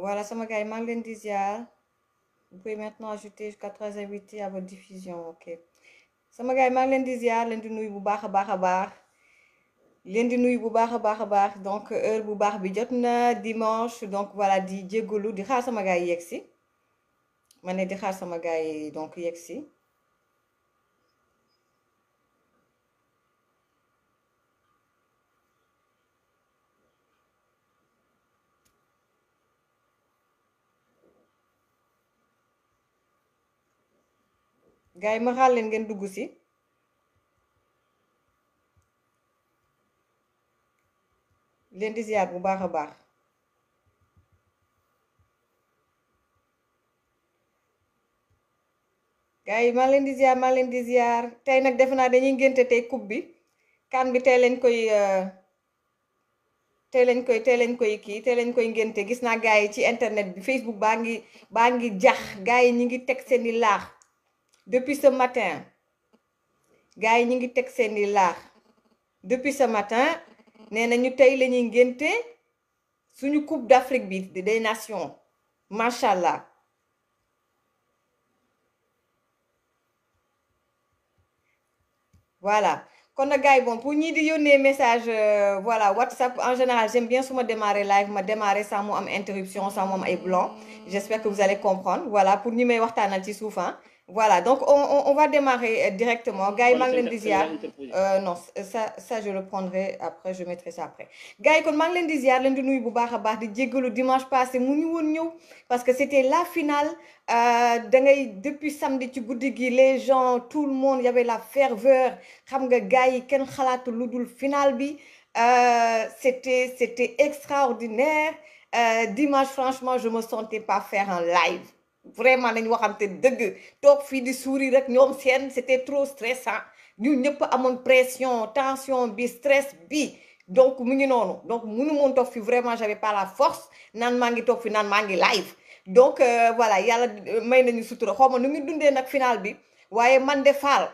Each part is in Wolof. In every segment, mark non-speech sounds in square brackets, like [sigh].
voilà sama gars yi maa ngi leen di ziar vous pouvez maintenant ajouter jusqu'à trois invités à diffusion ok sama gars yi maa ngi leen di ziar leen di nuyu bu baax a baax a baax leen di nuyu bu baax a baax a baax donc heure bu baax bi jot na dimanche donc voilà di jéggalu di xaar sama gars yi yegg si ma ne di xaar sama gars yi donc yegg si gars yi ma xaal leen ngeen dugg si leen di ziar bu baax a baax gars yi maa leen di ziar maa leen di ziar tey nag defe naa dañuy ngénte tey coupe bi kan bi tey lañ koy euh, tey lañ koy tey leen koy kii tey leen koy ngénte gis naa gaa yi ci internet bi Facebook baa ngi baa ngi jax gaa yi ñi ngi teg seeni laax depuis ce matin gars yi ñu ngi teg seeni laax depuis ce matin nee na ñu tey la ngénte suñu coupe d'Afrique bi des nations macha allah voilà kon nag gars yi bon pour ñii di yónnee message euh, voilà WhatsApp en général j'aime bien su ma démarrer live ma démarrer sans mu am interruption sans mu am ay blanc j'espère que vous allez comprendre voilà pour ñi may waxtaanal ci suuf voilà donc on on, on va démarrer euh, directement gars yi maa ngi leen di ziar non ça ça je le prendrai après je mettrai ça après gars yi kon maa ngi leen di ziar leen di nuyu bu baax a baax di jéggalu dimanche passé mu ñu woon ñëw parce que c'était la finale euh, da ngay depuis samedi ci guddi gi les gens tout le monde y avait la ferveur xam nga gars yi kenn xalaatu lu dul finale bi euh, c'était c'était extraordinaire dimanche franchement je me sentais pas faire un live vraiment nañ waxante dëgg toog fii di sourire rek ñoom seen c'était trop stressant ñu ñëpp amoon pression tension bi stress bi donc mu ngi noonu donc mu moon toog fi vraiment j'avais pas la naan maa ngi toog fi naan maa ngi live donc euh, voilà yàlla euh, may nañu sutura xaw ma nu ngi dundee nag final bi waaye man de faal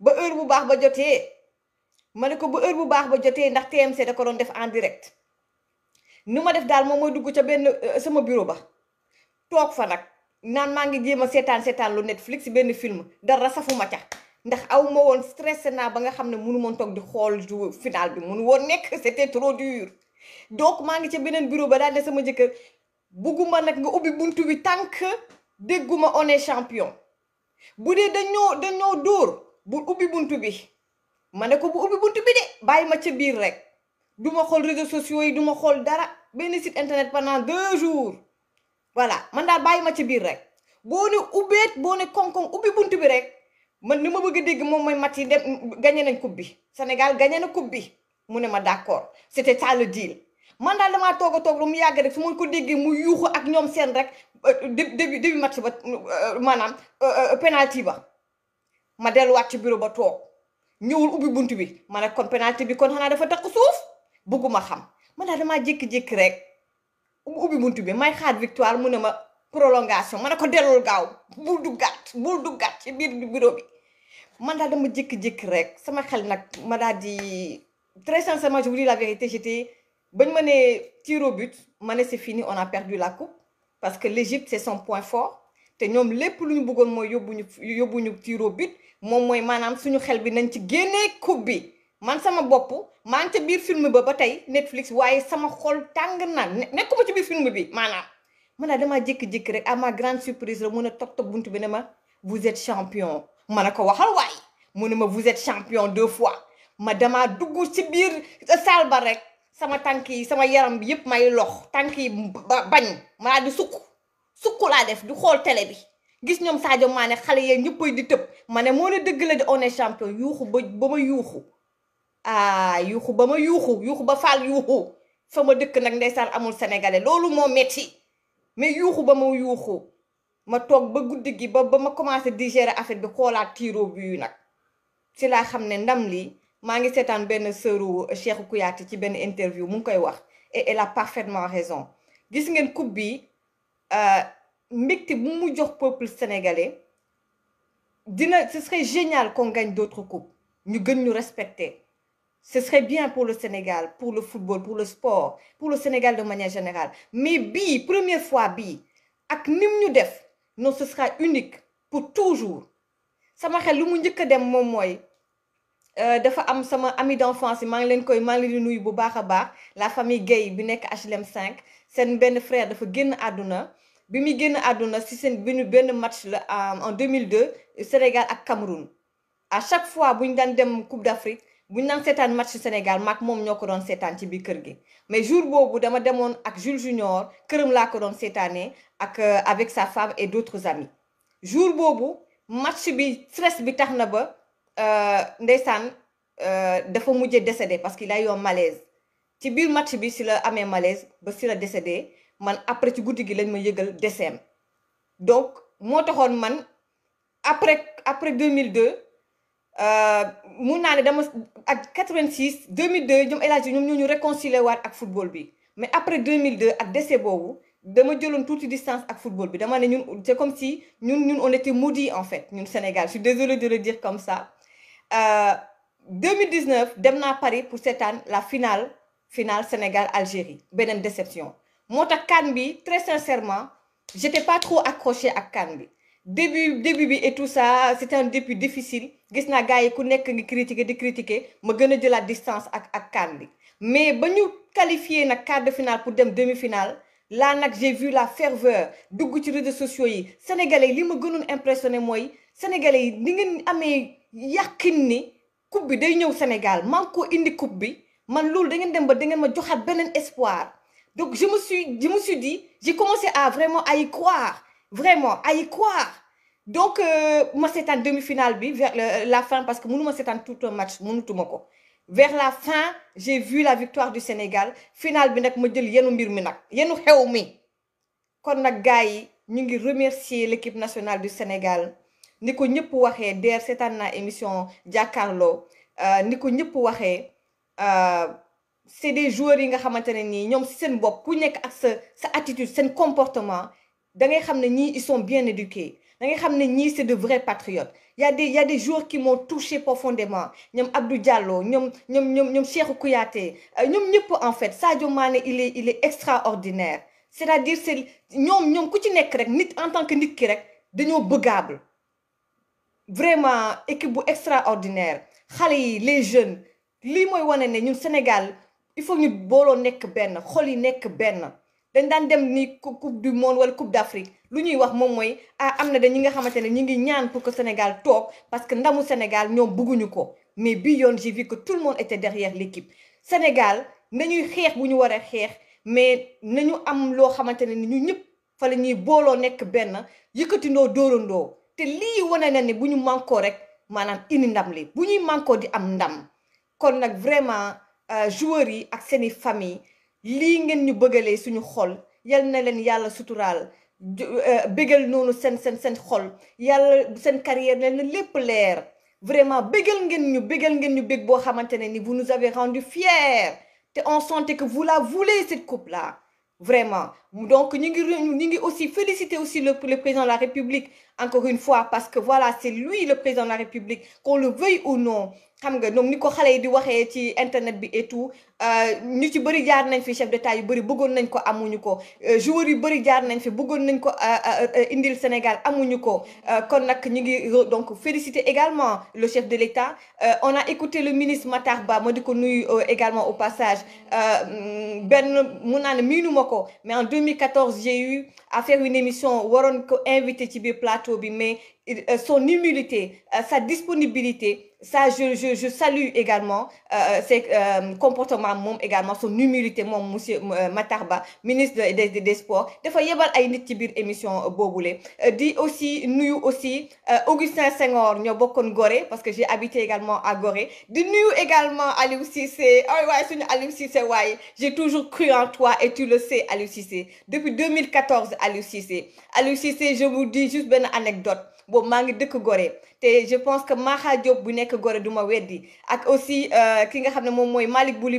ba heure bu baax ba jotee ma ne ko ba heure bu baax ba jotee ndax TMC da ko doon def en direct nu ma def daal moom mooy dugg ca benn euh, sama bureau ba toog fa nag naan maa ngi jéem a seetaan seetaan lu Netflix benn film dara safuma ca ndax aw ma woon stressé naa ba nga xam ne mënu moon toog di xool du final bi mënu woon nekk c'était trop dur donc maa ngi ca beneen bureau ba daal ne sama jëkkër bugguma nag nga ubbi buntu bi tànk dégguma on est champion bu dee ñëw dañoo dañoo dóor bu ubbi buntu bi ma ne ko bu ubbi bunt bi de bàyyi ma ca biir rek duma xool réseaux sociaux yi duma xool dara benn site internet pendant deux jours voilà man daal bàyyi ma ci biir rek boo ne ubbeet boo ne koŋ-koŋ ubbi bunt bi rek man ni ma bëgg a dégg moom mooy mat yi dem gagné nañ coupe bi Sénégal gagné na coupe bi mu ne ma d'accord c'était ça sa deal man daal damaa toog toog lu mu yàgg rek su ma ko déggee mu yuuxu ak ñoom seen rek euh, début début match ba euh, euh, maanaam penalty ba ma delluwaat ci bureau ba toog ñëwul ubbi bunt bi ma ne kon penalty bi kon xanaa dafa takk suuf bëgguma xam man daal damaa jékki-jékki rek. mu ubbi buntu bi may xaar victoire mu ne ma prolongation ma ne ko dellul gaaw bul duggaat bul duggaat ci biir bureau bi man daal dama jékki-jékki rek sama xel nag ma daal di très sincèrement je vous la vérité j'étais bañ ma ne tir au but ma ne c'est fini on a perdu la coupe parce que l'Égypte c'est son point fort te ñoom lépp lu ñu bëggoon mooy yóbbuñu yóbbuñu tir au but moom mooy maanaam suñu xel bi nañ ci génnee coupe bi man sama bopp maa ngi ca biir film ba ba tey Netflix waaye sama xol tàng na nekkuma ci biir film bi maanaam man daal damaa jékki-jékki rek am ma grande surprise la mun a toog toog bunt bi ne ma vous champion ma ne ko waxal waay mu ne ma vous champion deux fois ma damaa dugg ci biir euh, salle rek sama tànk yi sama yaram bi yëpp may lox tànk yi bañ ma di sukk sukk laa def du xool tele bi. gis ñoom maa ne xale yee ñëppay di tëb ma ne moo ne dëgg la di on est champion yuuxu ba ba ma yuuxu. ah yuuxu ba ma yuuxu yuuxu ba faal yuuxu fa ma dëkk nag ndeysaan amul sénégalais loolu moo metti mais yuuxu ba ma yuuxu ma toog ba guddi gi ba ba ma commencé digérer affaire bi xoolaat tiiroo bi yu nag ci laa xam ne ndam li maa ngi seetaan benn sëru Cheikhou Kouyaté ci benn interview mu ngi koy wax et elle a parfaitement raison gis ngeen coupe bi euh, mbégte bu mu jox peuple sénégalais dina ce serait génial qu'on gagne d'autres ñu gën ñu respecter Ce serait bien pour le Sénégal, pour le football, pour le sport, pour le Sénégal de manière générale. Mais bi, première fois bi, ak nim ñu def, non ce sera unique pour toujours. Sama xel lu mu njëkk dem moom mooy euh, dafa am sama ami d'enfance maa ngi leen koy maa leen nuyu bu baax a baax la famille Guèye bi nekk HLM 5 seen benn frère dafa génn àdduna bi muy génn àdduna si seen bi benn match la euh, en 2002 Sénégal ak Cameroun à chaque fois bu ñu daan dem Coupe buñ naan seetaan match Sénégal maak moom ñoo ko doon seetaan ci biir kër gi mais jour boobu dama demoon ak Jules Junior këram laa ko doon seetaanee ak euh, avec sa femme et d'autres amis jour boobu match bi stress bi tax na ba euh, ndeysaan euh, dafa mujje décédé parce qu'il a eu un ci biir match bi si la amee malaise ba si la décédé man après ci guddi gi lañ ma yëgal décès donc moo taxoon man après après 2002 Euh, mun naa ne dama ak 86 2002 ñoom El Hadj ñoom ñoo ñu réconcilier waat ak football bi mais après 2002 ak décès boobu dama jëloon tuuti distance ak football bi dama ne ñun c'est comme si ñun ñun on était maudits en fait ñun Sénégal je suis désolée de le dire comme ça. 2019 euh, dem naa Paris pour seetaan la finale finale Sénégal Algérie beneen déception moo tax CAN bi très sincèrement j'étais pas trop accrochée ak kaan bi. début début bi et tout ça c'est un début difficile gis naa gars yi ku nekk ngi critiquer di critiquer ma gën a jëlaat distance ak ak CAN mais ba ñu qualifié nag quart de finale pour dem demi-finale laa nag j'ai vu la ferveur dugg ci réseaux sociaux yi sénégalais yi li ma gënoon impressionné mooy sénégalais yi ni ngeen amee yàqin ni coupe bi day ñëw Sénégal man ko indi coupe bi man loolu da ngeen dem ba da ngeen ma joxaat beneen espoir donc je me suis je me suis dit j'ai à vraiment à y croire vraiment ay y croire donc euh, ma seetaan demi-finale bi vers la fin parce que mënu ma seetaan tout un match mënutuma ko vers la fin j'ai vu la victoire du Sénégal finale bi nag ma jël yenu mbir mi nag yenu xew mi kon nag gars yi ñu ngi remercier l'équipe nationale du Sénégal ni ko ñëpp waxee der seetaan na émission jàkkaarloo euh, ni ko ñëpp waxee euh, c'est des joueurs yi nga xamante ne nii ñoom si seen bopp ku nekk ak sa sa attitude seen comportement da ngay xam ne ñii ils sont bien éduqués da xam ne ñi c'est de vrais patriotes y a des y a des joueurs qui m'ont touché profondément ñoom Abdou Diallo ñoom ñoom ñoom ñoom Cheikhou Kouyaté euh, ñoom ñëpp en fait Sadio Mané il est il est extraordinaire c'est-à-dire c'est ñoom ñoom ku ci nekk rek nit en tant que nit ki rek dañoo bëggable vraiment équipe bu extraordinaire xale yi les jeunes lii mooy wane ne ñun Sénégal il faut ñu booloo nekk benn xol yi nekk benn dañ daan dem ni coupe du monde wala coupe d'Afrique lu ñuy wax moom mooy ah am na da ñi nga xamante ne ñu ngi ñaan pour que Sénégal toog parce que ndamu Sénégal ñoom bëgguñu ko mais bii yoon j'ai vu que tout le monde était derrière l'équipe Sénégal ñuy xeex bu ñu war xeex mais nañu am loo xamante ne ni ñu ñëpp fa la ñuy booloo nekk benn yëkkatindoo dóorandoo te lii wane na ne bu ñu mànkoo rek maanaam indi ndam li bu ñuy mànkoo di am ndam kon nag vraiment euh, joueurs yi ak seeni famille lii ngeen ñu bëggalee suñu xol yal na leen yàlla suturaal euh, bégal noonu seen seen seen xol yàlla seen carrière leen lépp leer vraiment bégal ngeen ñu bégal ngeen ñu bég boo xamante ne ni vous nous avez rendu fiers te on sentait que vous la voulez cette coupe là vraiment donc ñu ngi ñu ngi aussi féliciter aussi le président de la République encore une fois parce que voilà c'est lui le président de la République qu'on le veuille ou non xam nga noom ni ko xale yi di waxee ci internet bi et tout Euh, ñu ci bëri jaar nañ fi chef d'état yu bëri bëggoon nañ ko amuñu ko euh, joueur yu bëri jaar nañ fi bëggoon nañ ko euh, indil Sénégal amuñu ko kon nag ñu ngi donc féliciter également le chef de l'État on a écouté le ministre Matar Ba ma di ko nuyu également au passage mm, benn mun naa ne miinu ko mais en 2014 j'ai eu à une émission waroon ko invité ci biir plateau bi mais son humilité sa disponibilité sa je je je salue également ses comportements am moom également son humilité moom monsieur euh, Matar Ba ministre des des sports dafa yebal ay nit ci biir émission boobule euh, di aussi nuyu aussi euh, Augustin Senghor ñoo bokkoon Gorée parce que j'ai habité également à Gorée di nuyu également Aliou Cissé ay waaye suñu Aliou Cissé waaye j'ai toujours cru en toi et tu le sais Aliou Cissé depuis 2014 Aliou Cissé Aliou Cissé je vous dis juste benn anecdote boobu maa ngi dëkk Gorée te je pense que Maha Diop bu nekk Gorée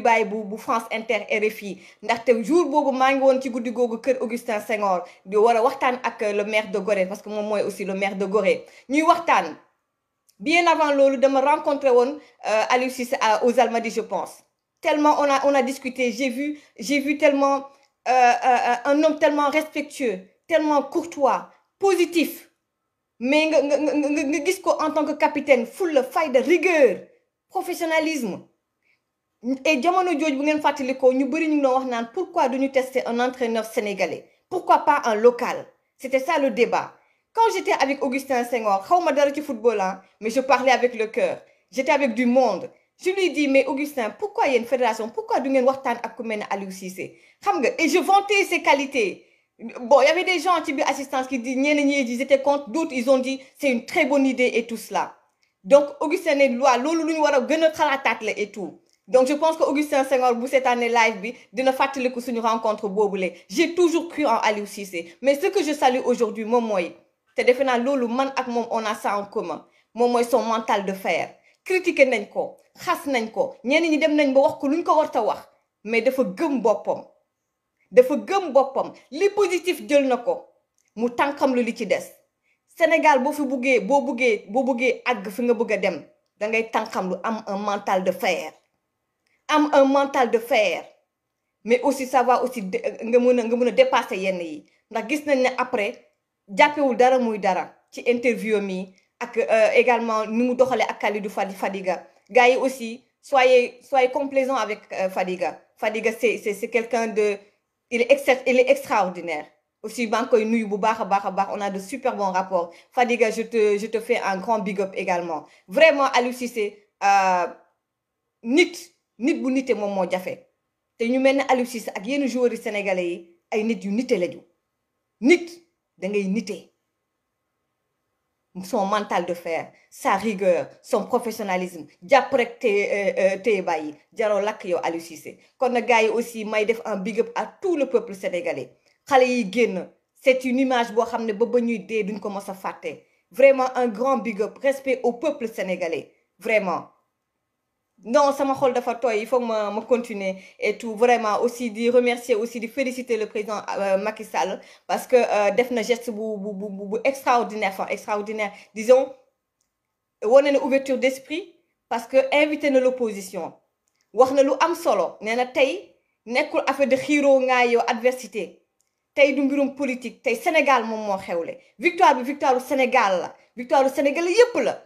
ma jotaay bu France Inter RFI ndaxte jour boobu maa ngi woon ci guddi googu kër Augustin Senghor di war a waxtaan ak euh, le maire de Gorée parce que moom mooy aussi le maire de Gorée ñuy waxtaan bien avant loolu dama rencontré woon euh, Aliou Cissé aux Almadies je pense tellement on a on a discuté j'ai vu j'ai vu tellement euh, un homme tellement respectueux tellement courtois positif mais nga nga nga gis ko en tant que capitaine fulla fayda rigueur professionnalisme et jamono jooju bu ngeen fàttalikoo ñu bëri ñu ngi doon wax naan pourquoi duñu tester un entraîneur sénégalais pourquoi pas un local c'était ça le débat quand j'étais avec Augustin Senghor xaw ma dara ci football hein mais je parlais avec le cœur j'étais avec du monde je lui dis mais Augustin pourquoi yéen fédération pourquoi du ngeen waxtaan ak ku mel ne Aliou Cissé xam nga et je vantais ses qualités bon y avait des gens ci biir assistance qui loolu lu ñu war a gën a xalaataat la et tout donc je pense que Augustin Senghor bu seetaanee live bi dina fàttaliku suñu rencontre boobule j'ai toujours cru en Aliou Cissé mais ce que je salue aujourd'hui moom mooy te defe naa loolu man ak moom on a ça en commun moom mooy son mental de fer critiqué nañ ko xas nañ ko ñenn ñi dem nañ ba wax ko lu ñu ko warta wax mais dafa gëm boppam dafa gëm boppam li positif jël na ko mu tànkam lu li ci des Sénégal boo fi buggee boo buggee boo buggee àgg fi nga bëgg a dem da ngay tànkam lu am un mental de fer am un mental de fer mais aussi savoir aussi nga mën a nga mën a dépasser yenn yi ndax gis nañ ne après jàppewul dara muy dara ci interview mi ak euh, également ni mu doxalee ak Khalidou Fadiga gars yi aussi soyez soyez complaisant avec euh, Fadiga Fadiga c'est c'est quelqu'un de il est extra extraordinaire aussi maa ngi koy nuyu bu baax a baax a baax on a de super bons rapports Fadiga je te je te fais un grand big up également vraiment Aliou Cissé euh, nit. nit bu nite moom moo jafe te ñu mel ne Aliou Cissé ak yenn joueurs yi sénégalais yi ay nit yu nite lañu nit da ngay nite son mental de fer sa rigueur son professionnalisme jàpp rek euh, euh, téye te bàyyi jaroo lakk yow Aliou Cissé kon na gars yi aussi may def un big up à tout le peuple sénégalais xale yi génn c'est une image boo xam ne ba ba ñuy dee duñ ko mos a fàtte vraiment un grand big up respect au peuple sénégalais vraiment non sama xol dafa tooy il faut ma ma continuer et tout vraiment aussi di remercier aussi di féliciter le président euh, Macky Sall parce que euh, def na geste bu bu bu bu extraordinaire enfin extraordinaire disons wane na ouverture d'esprit parce que invité na l'opposition wax na lu am solo nee na tey nekkul affaire de xiiroo ngaa yow adversité tey du mbirum politique tey Sénégal moom moo xewle victoire bi victoire Sénégal la victoire du Sénégal yépp la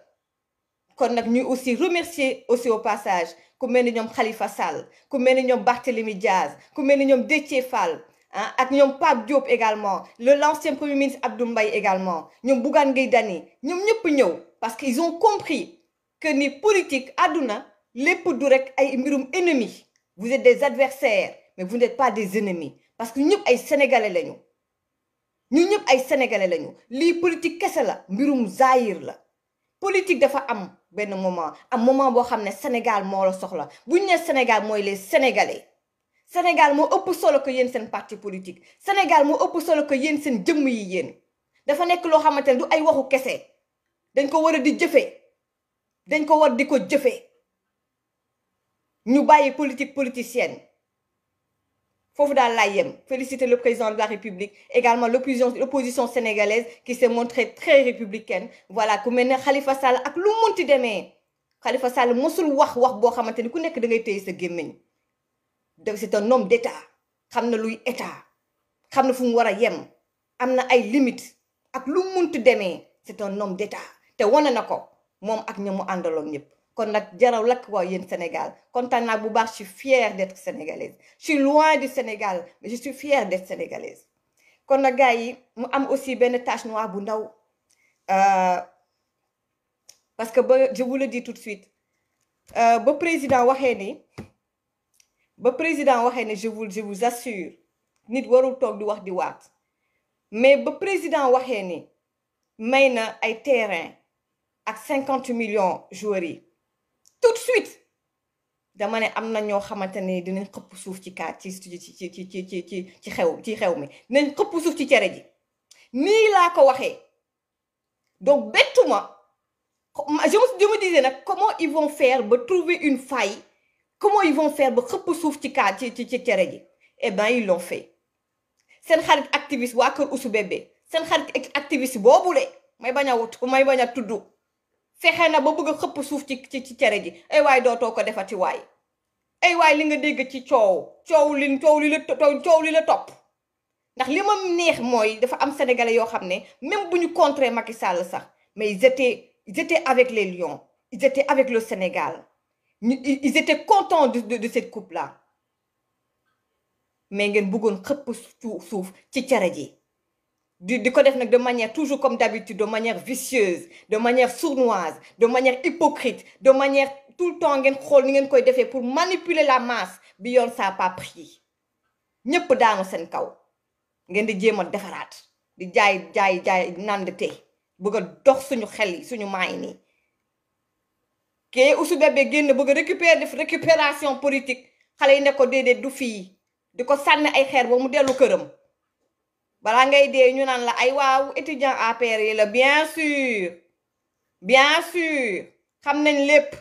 kon nag ñuy aussi remercier aussi au passage ku mel ni ñoom Khalifa Sall ku mel ni ñoom Barthélémy Diaz ku mel ni ñoom Déthié Fall ah ak ñoom Pape Diop également le l'ancien premier ministre Abdou mbay également ñoom Bougane Gueye Dany ñoom ñëpp ñëw parce que ils ont compris que ni politique àdduna lépp du rek ay mbirum ennemis vous êtes des adversaires mais vous n'êtes pas des ennemis parce que ñëpp ay sénégalais lañu ñu ñëpp ay sénégalais lañu lii politi kese la mbirum zaayir la. politique dafa am benn moment am moment boo xam ne Sénégal moo la soxla bu ñu nee Sénégal mooy les sénégalais Sénégal moo ëpp solo ko yéen seen parti politique Sénégal moo ëpp solo ko yéen seen jëmm yi yéen dafa nekk loo xamante ne du ay waxu kese dañ ko war a di jëfe dañ ko war di ko jëfe ñu bàyyi politique politicienne. foofu daal laay yem féliciter le président de la république également l'opposition l'opposition sénégalaise qui s'est montrée très républicaine voilà ku mel ne Khalifa Sall ak lu munti demee Khalifa Sall mosul wax wax boo xamante ni ku nekk da ngay téye sa gémmiñ donc c'est un homme d'état xam na luy état xam na fu mu war a yem am na ay limites ak lu munti deme c'est un homme d'état te wane na ko moom ak ña mu àndaloon ñëpp kon nag jaraw lakk waaw yéen Sénégal kontaan naa bu baax je suis fière d'être sénégalaise je suis loin du Sénégal mais je suis fière d'être sénégalaise kon nag yi mu am aussi benn tache noire bu ndaw euh, parce que ba je vous le dis tout de suite euh, ba président waxee ni ba président waxee ni je vous je vous assure nit warul toog di wax di waat mais ba président waxee ni may na ay terrain ak cinquante millions joueurs yi tout de suite dama ne am na ñoo xamante ne dinañ xëpp suuf ci kaat ci ci ci ci ci ci ci xew ci xew mi dinañ xëpp suuf ci cere ji nii laa ko waxee donc bettuma je me je me disais nag comment ils vont faire ba trouver une faille comment ils vont ba xëpp suuf ci kaat ci ci cere ji eh ben ils l'ont fait seen xarit activiste waa kër Ousou Bébé seen xarit activiste boobule may bañ a wut may bañ a tudd. fexe na ba bëgg a xëpp suuf ci ci ci cere ji ay waay dootoo ko defati waay ay waay li nga dégg ci coow coow li coow li la coow li la topp ndax li ma neex mooy dafa am sénégalais yoo xam ne même bu ñu contrer Macky Sall sax mais ils étaient ils étaient avec les lions ils étaient avec le Sénégal ils étaient contents de de, de cette coupe là mais ngeen bëggoon xëpp suuf ci cere ji di di ko def nag de manière toujours comme d'habitude de manière vicieuse de manière sournoise de manière hypocrite de manière tout le temps ngeen xool ni ngeen koy defee pour manipuler la masse bi yoon sa pas pris ñépp daanu seen kaw ngeen di jéem a defaraat di jaay jaay jaay nandte bëgg a dox suñu xel yi suñu maay nii kee Ousou Bébé génn bëgg a récupérer def récupération politique xale yi ne ko déedéet du fii di ko sànni ay xeer ba mu dellu këram balaa ngay dee ñu naan la ay waaw étudiant APR yi la bien sûr bien sûr xam nañ lépp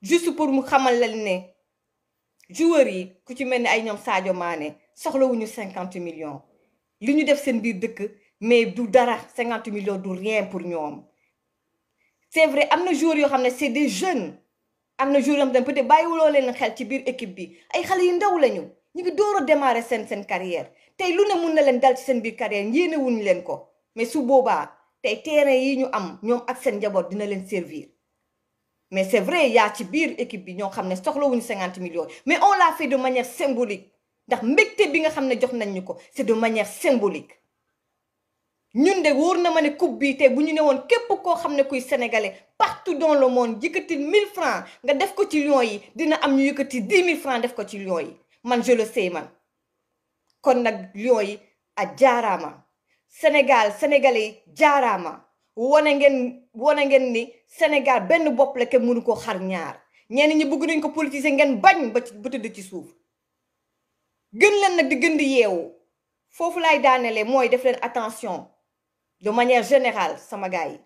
juste pour mu xamal la ne joueurs yi ku ci mel ni ay ñoom Sadio Mané soxlawuñu cinquante million li ñu def seen biir dëkk mais du dara cinquante millions du rien pour ñoom c'est vrai am na joueurs yoo xam ne c'est des jeunes am na joueurs yoo xam ne peut-être bàyyiwuloo leen xel ci biir équipe bi ay xale yu ndaw lañu. ñu ngi door a démarrer seen seen carrière tey lu ne mun na leen dal ci seen biir carrière yéene wuñu leen ko mais su boobaa tey terrain yi ñu am ñoom ak seen njaboot dina leen servir mais c'est vrai yaa ci biir équipe bi ñoo xam ne soxlawuñu cinquante millions mais on l'a fait de manière symbolique ndax mbégte bi nga xam ne jox nañ ñu ko c'est de manière symbolique ñun de wóor na ma ne coupe bi tey bu ñu ne woon képp koo xam ne kuy sénégalais partout dans le monde yëkkati 1000 francs nga def ko ci lions yi dina am ñu yëkkati 10 000 francs def ko ci lions yi man je le man kon nag lion yi a jaaraama Sénégal sénégalais yi jaaraama wane ngeen ni Sénégal benn bopp la kenn mënu koo xar ñaar ñenn ñi bëgg nañ ko politiser ngeen bañ ba ci ba tëdd ci suuf gën leen nag di gën di yeewu foofu lay daanelee mooy def leen attention de manière générale sama gars yi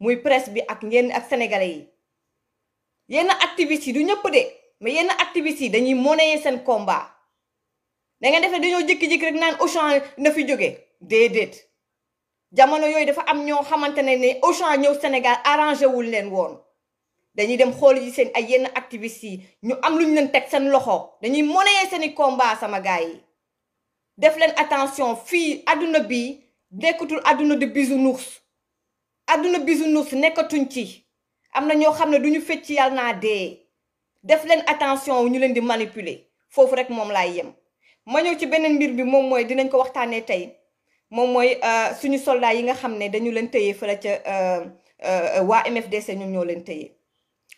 muy presse bi ak ñenn ak sénégalais yi yenn activistes yi du ñëpp de. mais yenn activistes yi dañuy monnayer seen combat da ngeen defee dañoo jékki-jékki rek naan Auchan na fi jóge déedéet jamono yooyu dafa am ñoo xamante ne ne Auchan ñëw Sénégal arrangé wul leen woon dañuy dem xool ji seen ay yenn activistes yi ñu am luñ leen teg seen loxo dañuy monnayer seen i combat sama gars yi def leen attention fii adduna bi nekkatul àdduna di bisounours àdduna bisounours nekkatuñ ci am na ñoo xam ne du ñu fecc yàlla naa dee def leen attention ñu leen di manipuler foofu rek moom laay yem. ma ñëw ci benn mbir bi moom mooy dinañ ko waxtaanee tey moom mooy euh, suñu soldat yi nga xam ne dañu leen tëyee fële ca euh, euh, waa MFDC ñun ñoo leen tëyee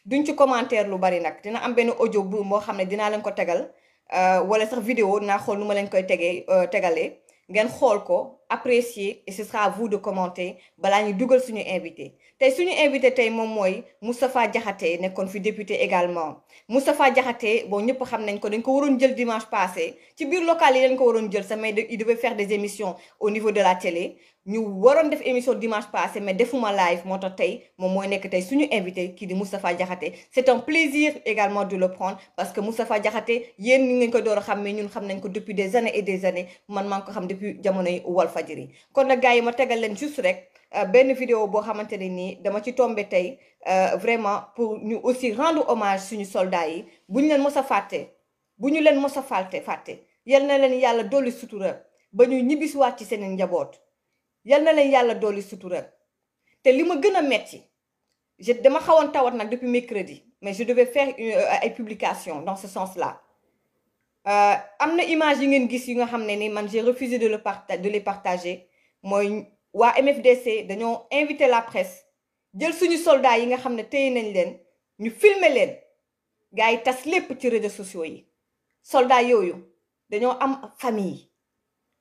duñ ci commentaire lu bari nag dina am benn audio bu moo xam ne dinaa leen ko tegal wala sax vidéo naa xool nu ma leen koy tegee tegalee ngeen xool ko apprécier et ce sera à de commenter balaa ñu dugal suñu invité tey suñu invité tey moom mooy Moustapha Diakhaté nekkoon fi député également Moustapha Diakhaté boo ñëpp xam nañ ko dañ ko waroon jël dimanche passé ci biir local ko waroon jël sax mais il devait faire des émissions au niveau de la télé ñu waroon def émission dimanche passé mais defuma live moo tax tey moom mooy nekk tey suñu invité kii di Moustapha Diakhaté c'est un plaisir également de le prendre ko door xam mais ñun xam nañ ko depuis des années et des années man maa ngi ko xam depuis jamonoy Walfadjri kon nag gars yi ma tegal leen juste rek Euh, benn vidéo boo xamante ne nii dama ci tombé tey euh, vraiment pour ñu aussi rendre hommage suñu soldats yi bu ñu leen mos a fàtte bu ñu leen mos a fàtte fàtte yal na leen yàlla dolli sutura ba ñu ñibbisiwaat ci seen njaboot yal na leen yàlla dolli sutura te li ma gën a metti je dama xawoon tawat nag depuis mercredi mais je devais faire euh, ay publication dans ce sens là am na image yi ngeen gis yu nga xam ne nii man j'ai refusé de le parta de les partager mooy. waa MFDC dañoo invité la presse jël suñu soldaa yi nga xam ne téye nañ leen ñu filmer leen gars yi tas lépp ci réseaux sociaux yi soldats yooyu dañoo am famille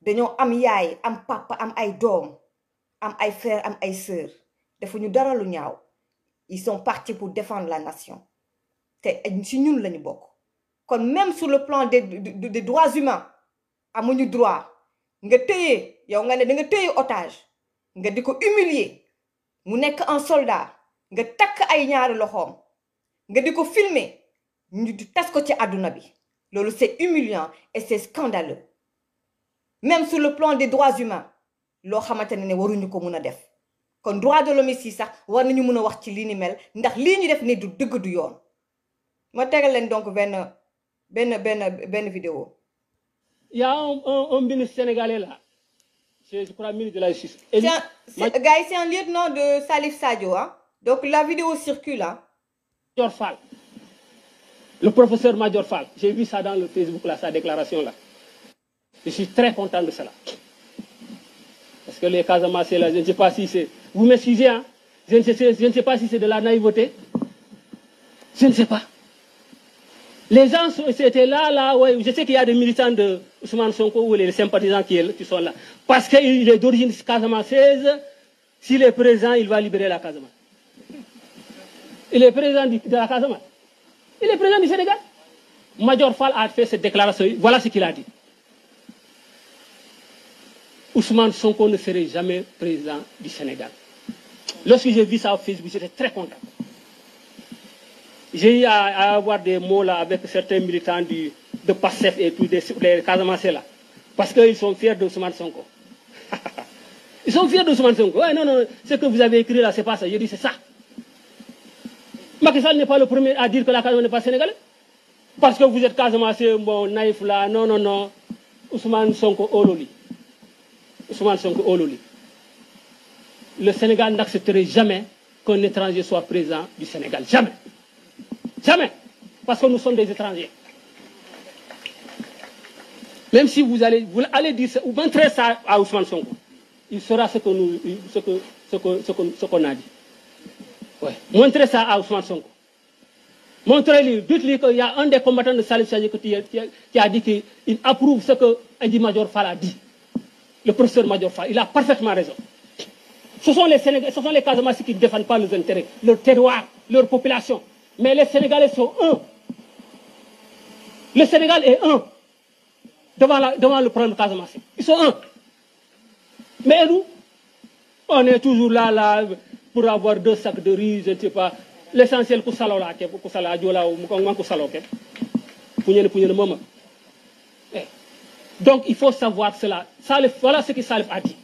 dañoo am yaay am papa am ay doom am ay frères am ay sœurs defuñu dara lu ñaaw il sont partis pour défendre la nation te ci ñun lañu bokk kon même sur le plan des des droits humains amuñu droit nga téye yow nga ne da nga téye otage. nga di ko humilier mu nekk un soldat nga takk ay ñaari loxoom nga di ko filmer ñu di tas ko ci àdduna bi loolu c'est humiliant et c'est scandaleux même sur le plan des droits humains loo xamante ne ne waruñu ko mun a def kon droit de l'homme yi sax war nañu mun a wax ci lii ni mel ndax lii ñu def ni du dëgg du yoon ma tegal leen donc benn benn benn benn vidéo y a un un ministre je crois, ministre de la Justice. Guy, c'est de Salif Sadio. Hein? la vidéo Le professeur Major Fall. J'ai vu dans le Facebook, sa déclaration là. Je suis très content de cela. Parce que les Casamassés là, je ne sais pas si c'est. de la naïveté. Je ne sais pas. Les gens étaient là, là, Je sais qu'il y a des militants de, Ousmane Sonko ou les sympathisants qui, est, qui sont là. Parce qu'il est d'origine casamanceuse, s'il est présent, il va libérer la Casamance. Il est président de du Sénégal. Major Fall a fait cette déclaration. Voilà ce qu'il a dit. Ousmane Sonko ne serait jamais président du Sénégal. Lorsque j'ai vu ça Facebook, j'étais très content. J'ai eu à, avoir des mots avec certains militants du, de PASSEF et tous les, les Casamancés Parce qu'ils sont fiers de Ousmane Sonko. [laughs] ils sont fiers de Ousmane Sonko. non, non, ce que vous avez écrit là, c'est pas ça. Je dis, c'est ça. Macky n'est pas le premier à dire que la Casamance n'est pas sénégalaise. Parce que vous êtes Casamancé, bon, naïf là, non, non, non. Ousmane Sonko Ololi. Oh, oh, le Sénégal n'accepterait jamais qu'un étranger soit présent du Sénégal. Jamais. Parce que nous sommes des étrangers. Même si vous allez, vous allez dire ou montrer ça à Ousmane Sonko, il saura ce que nous, ce que, ce que, ce qu'on ce qu a dit. Ouais. Montrez ça à Ousmane Sonko. Montrez-lui, dites-lui qu'il y a un des combattants de Salif Sadio qui, qui, qui, a dit qu'il approuve ce que Adi Major Fall a dit. Le professeur Major Fall, il a parfaitement raison. Ce sont les Sénégalais, ce sont les Casamassis qui ne défendent pas leurs intérêts, leur terroir, leur population. Mais les Sénégalais sont un. Le Sénégal est un. devant, la, devant le problème Casamance. Ils sont un. Mais nous, on est toujours là, là, pour avoir deux sacs de riz, je ne sais pas. L'essentiel, c'est que là, que salo que salo ke. Pounyene pounyene Donc il faut savoir cela. Salif, voilà ce que Salif a dit.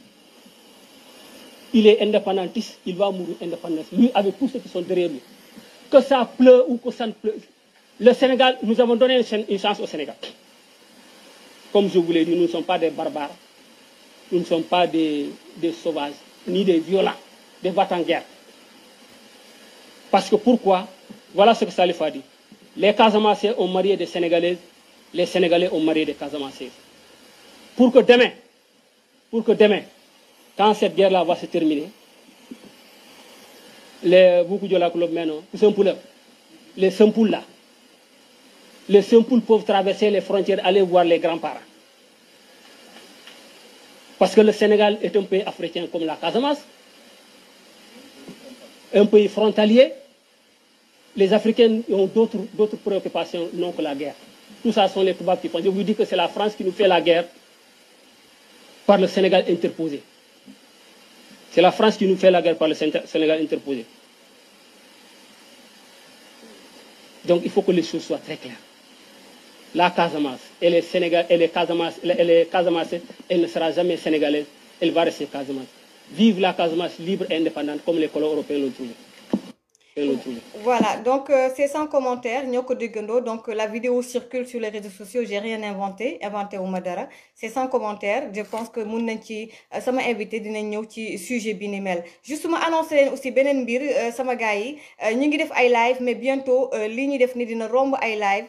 Il est indépendantiste, il va mourir indépendantiste. Lui, avec tous ceux qui sont Que ça pleut ou que ça Le Sénégal, nous avons donné une chance au Sénégal. Comme je vous l'ai dit, nous ne sommes pas des barbares, nous ne sommes pas des, des sauvages, ni des violents, des battants guerre. Parce que pourquoi Voilà ce que Salif a dit. Les Casamassés ont marié des Sénégalaises, les Sénégalais ont marié des Casamassés. Pour que demain, pour que demain, quand cette guerre-là va se terminer, les Boukoudio Club maintenant, les les Sempoules là, les simples peuvent traverser les frontières, aller voir les grands-parents. Parce que le Sénégal est un pays africain comme la Casamance, un pays frontalier. Les Africains ont d'autres préoccupations, non que la guerre. Tout ça sont les Toubacs qui font. Je vous dis que c'est la France qui nous fait la guerre par le Sénégal interposé. C'est la France qui nous fait la guerre par le Sénégal interposé. Donc il faut que les choses soient très claires. la Casamance. Elle est Sénégal, elle est Casamance, elle est Casamance, elle ne sera jamais sénégalaise, elle va rester Casamance. Vive la Casamance libre et indépendante comme les colons européens l'ont toujours. voilà donc euh, c'est sans commentaire ñoo ko déggandoo donc la vidéo circule sur les réseaux sociaux j'ai rien inventé inventé wu ma dara c'est sans commentaire je pense que mun nañ ci euh, sama invité dinañ ñëw ci sujet bi ni mel justement annoncé leen aussi beneen mbir euh, sama gars yi ñu ngi def ay live mais bientôt li ñuy def ni dina romb ay live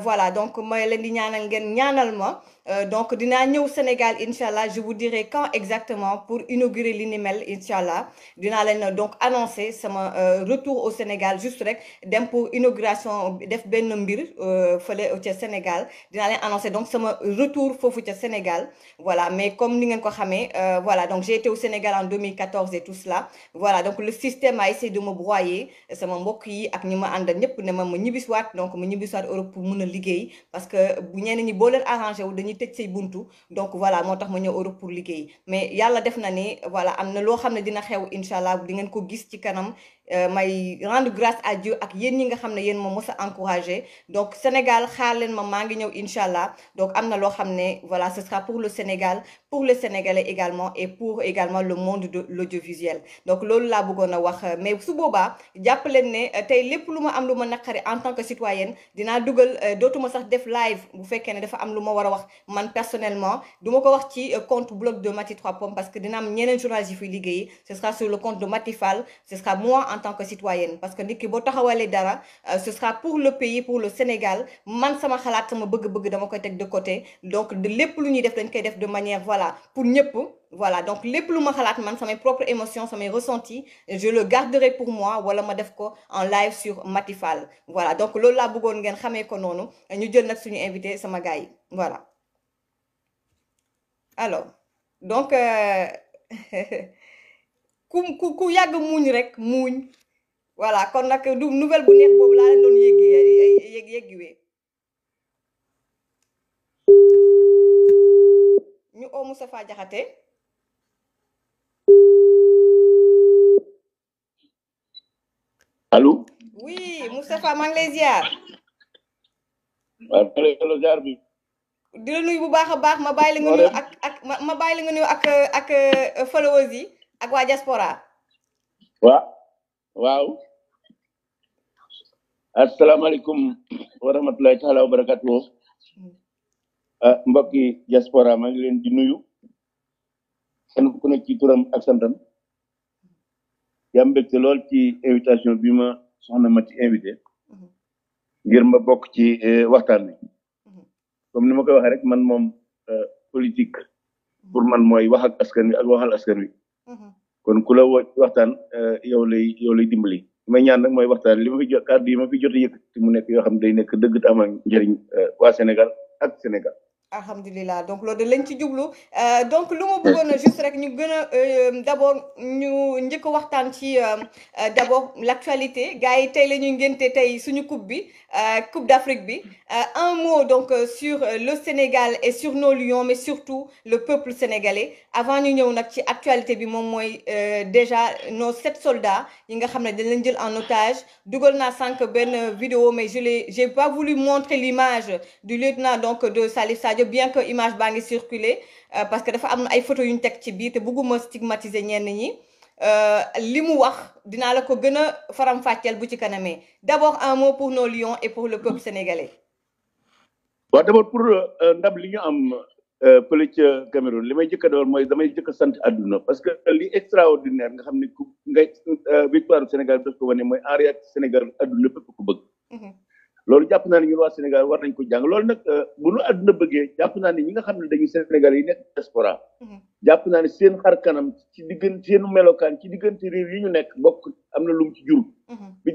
voilà donc ma leen di ñaanal ngeen ñaanal ma Euh, donc dinaa ñëw Sénégal incha allah je vous dirai quand exactement pour inaugurer li ni mel incha allah dinaa leen donc annoncer sama euh, retour au Sénégal juste rek dem pour inauguration def benn mbir euh, fële ca Sénégal dinaa leen annoncer donc sama retour foofu ca Sénégal voilà mais comme ni ngeen ko xamee voilà donc j'ai été au Sénégal en 2014 et tout cela voilà donc le système a essayé de me broyer sama mbokk yi ak ñi ma àndal ñëpp ne ma ma ñibbisiwaat donc ma ñibbisiwaat Europe pour mun a liggéey teg say buntu donc voilà moo tax ma ñëw Europe pour liggéey mais yàlla def na ni voilà am na loo xam ne dina xew incha allah di ngeen ko gis ci kanam Euh, may rendre grâce à Dieu ak yéen ñi nga xam ne yéen moom mos a encouragé donc Sénégal xaar leen ma maa ngi ñëw incha allah donc am na loo xam ne voilà ce sera pour le Sénégal pour les Sénégalais également et pour également le monde de l'audiovisuel donc loolu laa bëggoon a wax mais su boobaa jàpp leen ne euh, tey lépp lu ma am lu ma naqari en tant que citoyenne dina dugal euh, dootuma sax def live bu fekkee ne dafa am lu ma war a wax man personnellement du ma ko wax ci compte blog de Mati 3 que dina am ñeneen fi liggéeyi en tant que citoyenne parce que nit ki boo taxawalee dara euh, ce sera pour le pays pour le Sénégal man sama xalaat sama bëgg-bëgg dama koy teg de côté donc lépp lu ñuy def dañ koy def de manière voilà pour ñëpp voilà donc lépp lu ma xalaat man samay propre émotion samay ressenti je le garderai pour moi wala ma def ko en live sur Matifal voilà donc loolu laa bëggoon ngeen xamee ko noonu ñu jël nag suñu invité sama gars yi voilà alors donc euh, [laughs] ku ku ku yàgg muuñ rek muuñ voilà kon nag du nouvelle bu neex boobu laa leen doon yéggi yég yéggiwee ñu oo Moustapha Jaxate allo oui Moustapha maa di la nuyu bu baax a baax ma bàyyi la nga nuyu ak ak ma bàyyi la nga nuyu ak ak euh, followers ak waa diaspora waaw waaw asalaamaaleykum wa rahmatulahi taala wa barakatu hmm. eh, mbokki diaspora maa ngi leen di nuyu kenn ku nekk ci turam ak santam yaa lool ci invitation bi ma soxna mati ci hmm. ngir ma bokk ci eh, waxtaan wi hmm. comme ni ma koy waxee rek man moom eh, politique pour man mooy wax ak askan wi ak waxal askan wi Mm-hmm. kon ku la woo waxtaan eh, yow lay yow lay dimbali. li may ñaan nag mooy waxtaan li ma fi jot kàddu yi ma fi jot mu nekk yoo xam ne day nekk dëgg te njëriñ eh, waa Sénégal ak Sénégal. alhamdulilah donc loolu de lañ ci jublu euh, donc lu ma bëggoon juste rek ñu gën a euh, d' abord ñu njëkk a waxtaan ci euh, d' abord l' actualité gars yi tey la ñuy ngénte tey suñu coupe bi coupe d' Afrique bi un mot donc sur le Sénégal et sur nos lions mais surtout le peuple sénégalais avant ñu ñëw nag ci actualité bi moom mooy déjà nos sept soldats yi nga xam ne dañ leen jël en otage dugal naa sànq benn vidéo mais je l'ai j'ai pas voulu montrer l'image du lieutenant donc de Salif rajo bien que image baa ngi circuler euh, parce que dafa am na ay photo yu ñu teg ci biir te bëgguma stigmatiser ñenn ñi euh, li mu wax dinaa la ko gën a faram-fàcceel bu ci kanamee d'abord un mot pour nos lions et pour le peuple sénégalais. waaw d'abord pour euh, ndam li ñu am fële ca Cameroun li may njëkk a mooy damay njëkk sant adduna parce que li extraordinaire nga xam ne ku ngay victoire Sénégal bi daf wane mooy en réalité Sénégal àdduna bépp ko bëgg. Mm-hmm. loolu jàpp naa ne waa Sénégal war nañ ko jàng loolu nag euh, bu nu àdduna bëggee jàpp naa ni ñi nga xam ne dañuy Sénégal yi nekk diaspora mhm. jàpp naa ne seen xar kanam ci diggante seen melokaan ci diggante réew yi ñu nekk bokk am na lu mu ci jur mhm. bi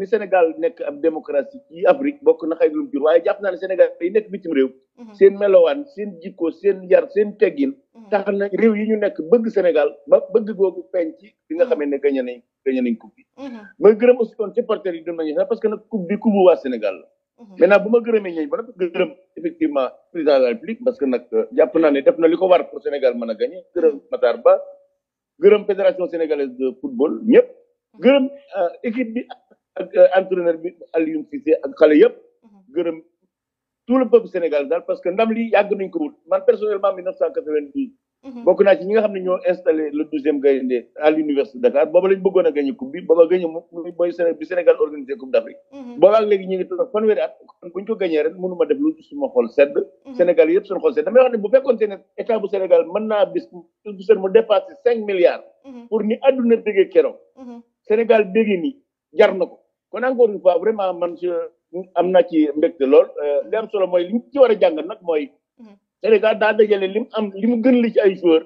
ni Sénégal nekk ab démocratie ci Afrique bokk na xëy na waaye jàpp naa ne Sénégal yi nekk bitim réew mhm. seen melowaan seen jikko seen yar seen teggin tax na réew yi ñu nekk bëgg Sénégal ba bëgg googu feeñ ci li nga xamee ne gañe nañ gagné nañ coupe bi. Mhm. gërëm aussi kon supporters yi doon nañu sax parce que nag coupe bi waa Sénégal la. Mhm. maintenant bu ma gërëmee ñooñu ba nag gërëm effectivement président de la République parce que nag euh, jàpp naa ne def na li ko war pour Sénégal mën a gagné gërëm Matar Ba gërëm fédération sénégalaise de football ñëpp. Mhm. gërëm euh, équipe bi ak euh, entraîneur bi Alioune Cissé ak xale yëpp. gërëm tout le peuple Sénégal daal parce que ndam li yàgg nañ ko wut man personnellement 1992. Mhm. bokk naa ci ñi nga xam ne ñoo installé le douzième gaynde à l'université Dakar booba lañ bëggoon a gagné bi booba gagné bi Sénégal organisé coupe d'Afrique mhm. booba ak léegi ñu ngi toog fanweeri at kon bu ñu ko ma def mhm. Sénégal yëpp seen xol sedd damay wax ne bu fekkoon ne état bu Sénégal mën naa bis bu seen mu dépassé cinq milliards pour ni àdduna déggee keroog Sénégal déggee ni jar na ko kon encore une fois vraiment man am naa euh, a jàngal Sénégal daa dajale li am li mu gën li ci ay joueur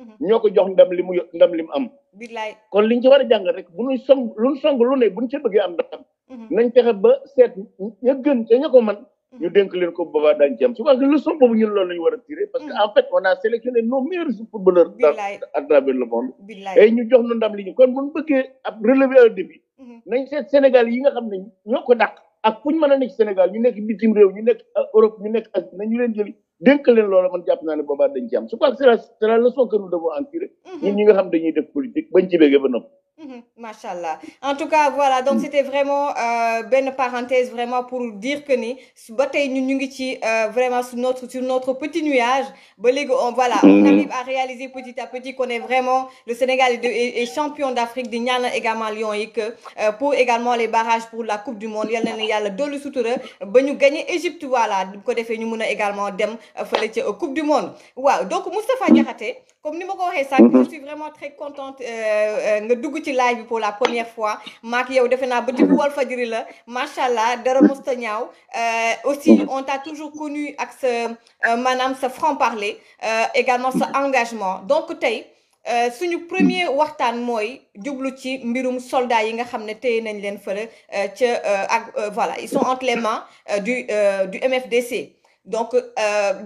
mhm. ñoo ko jox ndam li mu ndam li mu am. billaay kon liñ ci war a jàngal rek bu ñu song lu ñu lu ne bu ñu ci bëggee am ndam. Mhm. nañ fexe ba seet ña gën ko man ñu mhm. dénk leen ko boobaa daañu ci am souvent que leçon boobu ñun loolu la war a tiré. parce que en a ñu jox ñu ndam li ñu kon bu ñu bëggee ab relevé un nañ seet Sénégal yi nga xam ne ñoo ko dàq. ak fu ñu mën a nekk Sénégal ñu nekk bitim réew ñu nekk Europe ñu nekk Asie nañu leen jëli dénk leen loola man jàpp naa ne boobaa dañ ci am je crois que c'est la leçon que nous devons en tirer mm-hmm. ñun dañuy def politique ci béggee ba noppi Mhm, machallah en tout cas voilà donc mm. c'était vraiment euh, benn parenthèse vraiment pour dire que ni ba tey ñun ñu ngi ci euh, vraiment sur notre sur notre petit nuage ba léegi on voilà on mm-hmm. arrive à réaliser petit à petit qu'on est vraiment le Sénégal est champion d'Afrique di ñaanal également Lions yi que euh, pour également les barrages pour la Coupe du Monde yal na yàlla dolli sutura ba ñu gagner Égypte voilà bu ko defee ñu mën a également dem fële ca Coupe du Monde waaw donc comme ni ma ko waxee sànq mhm. je suis vraiment très contente euh, euh, nga dugg ci live bi pour la première fois maak yow defe naa ba dugg mhm. Walfadjri la macha allah dara mosta mhm. ñaaw euh, aussi on t'a toujours connu ak sa maanaam sa franc parler également sa engagement donc tey suñu premier waxtaan mooy jublu ci mbirum soldaa yi nga xam ne tey nañ leen fële ca ak voilà ils sont entre les mains du du MFDC donc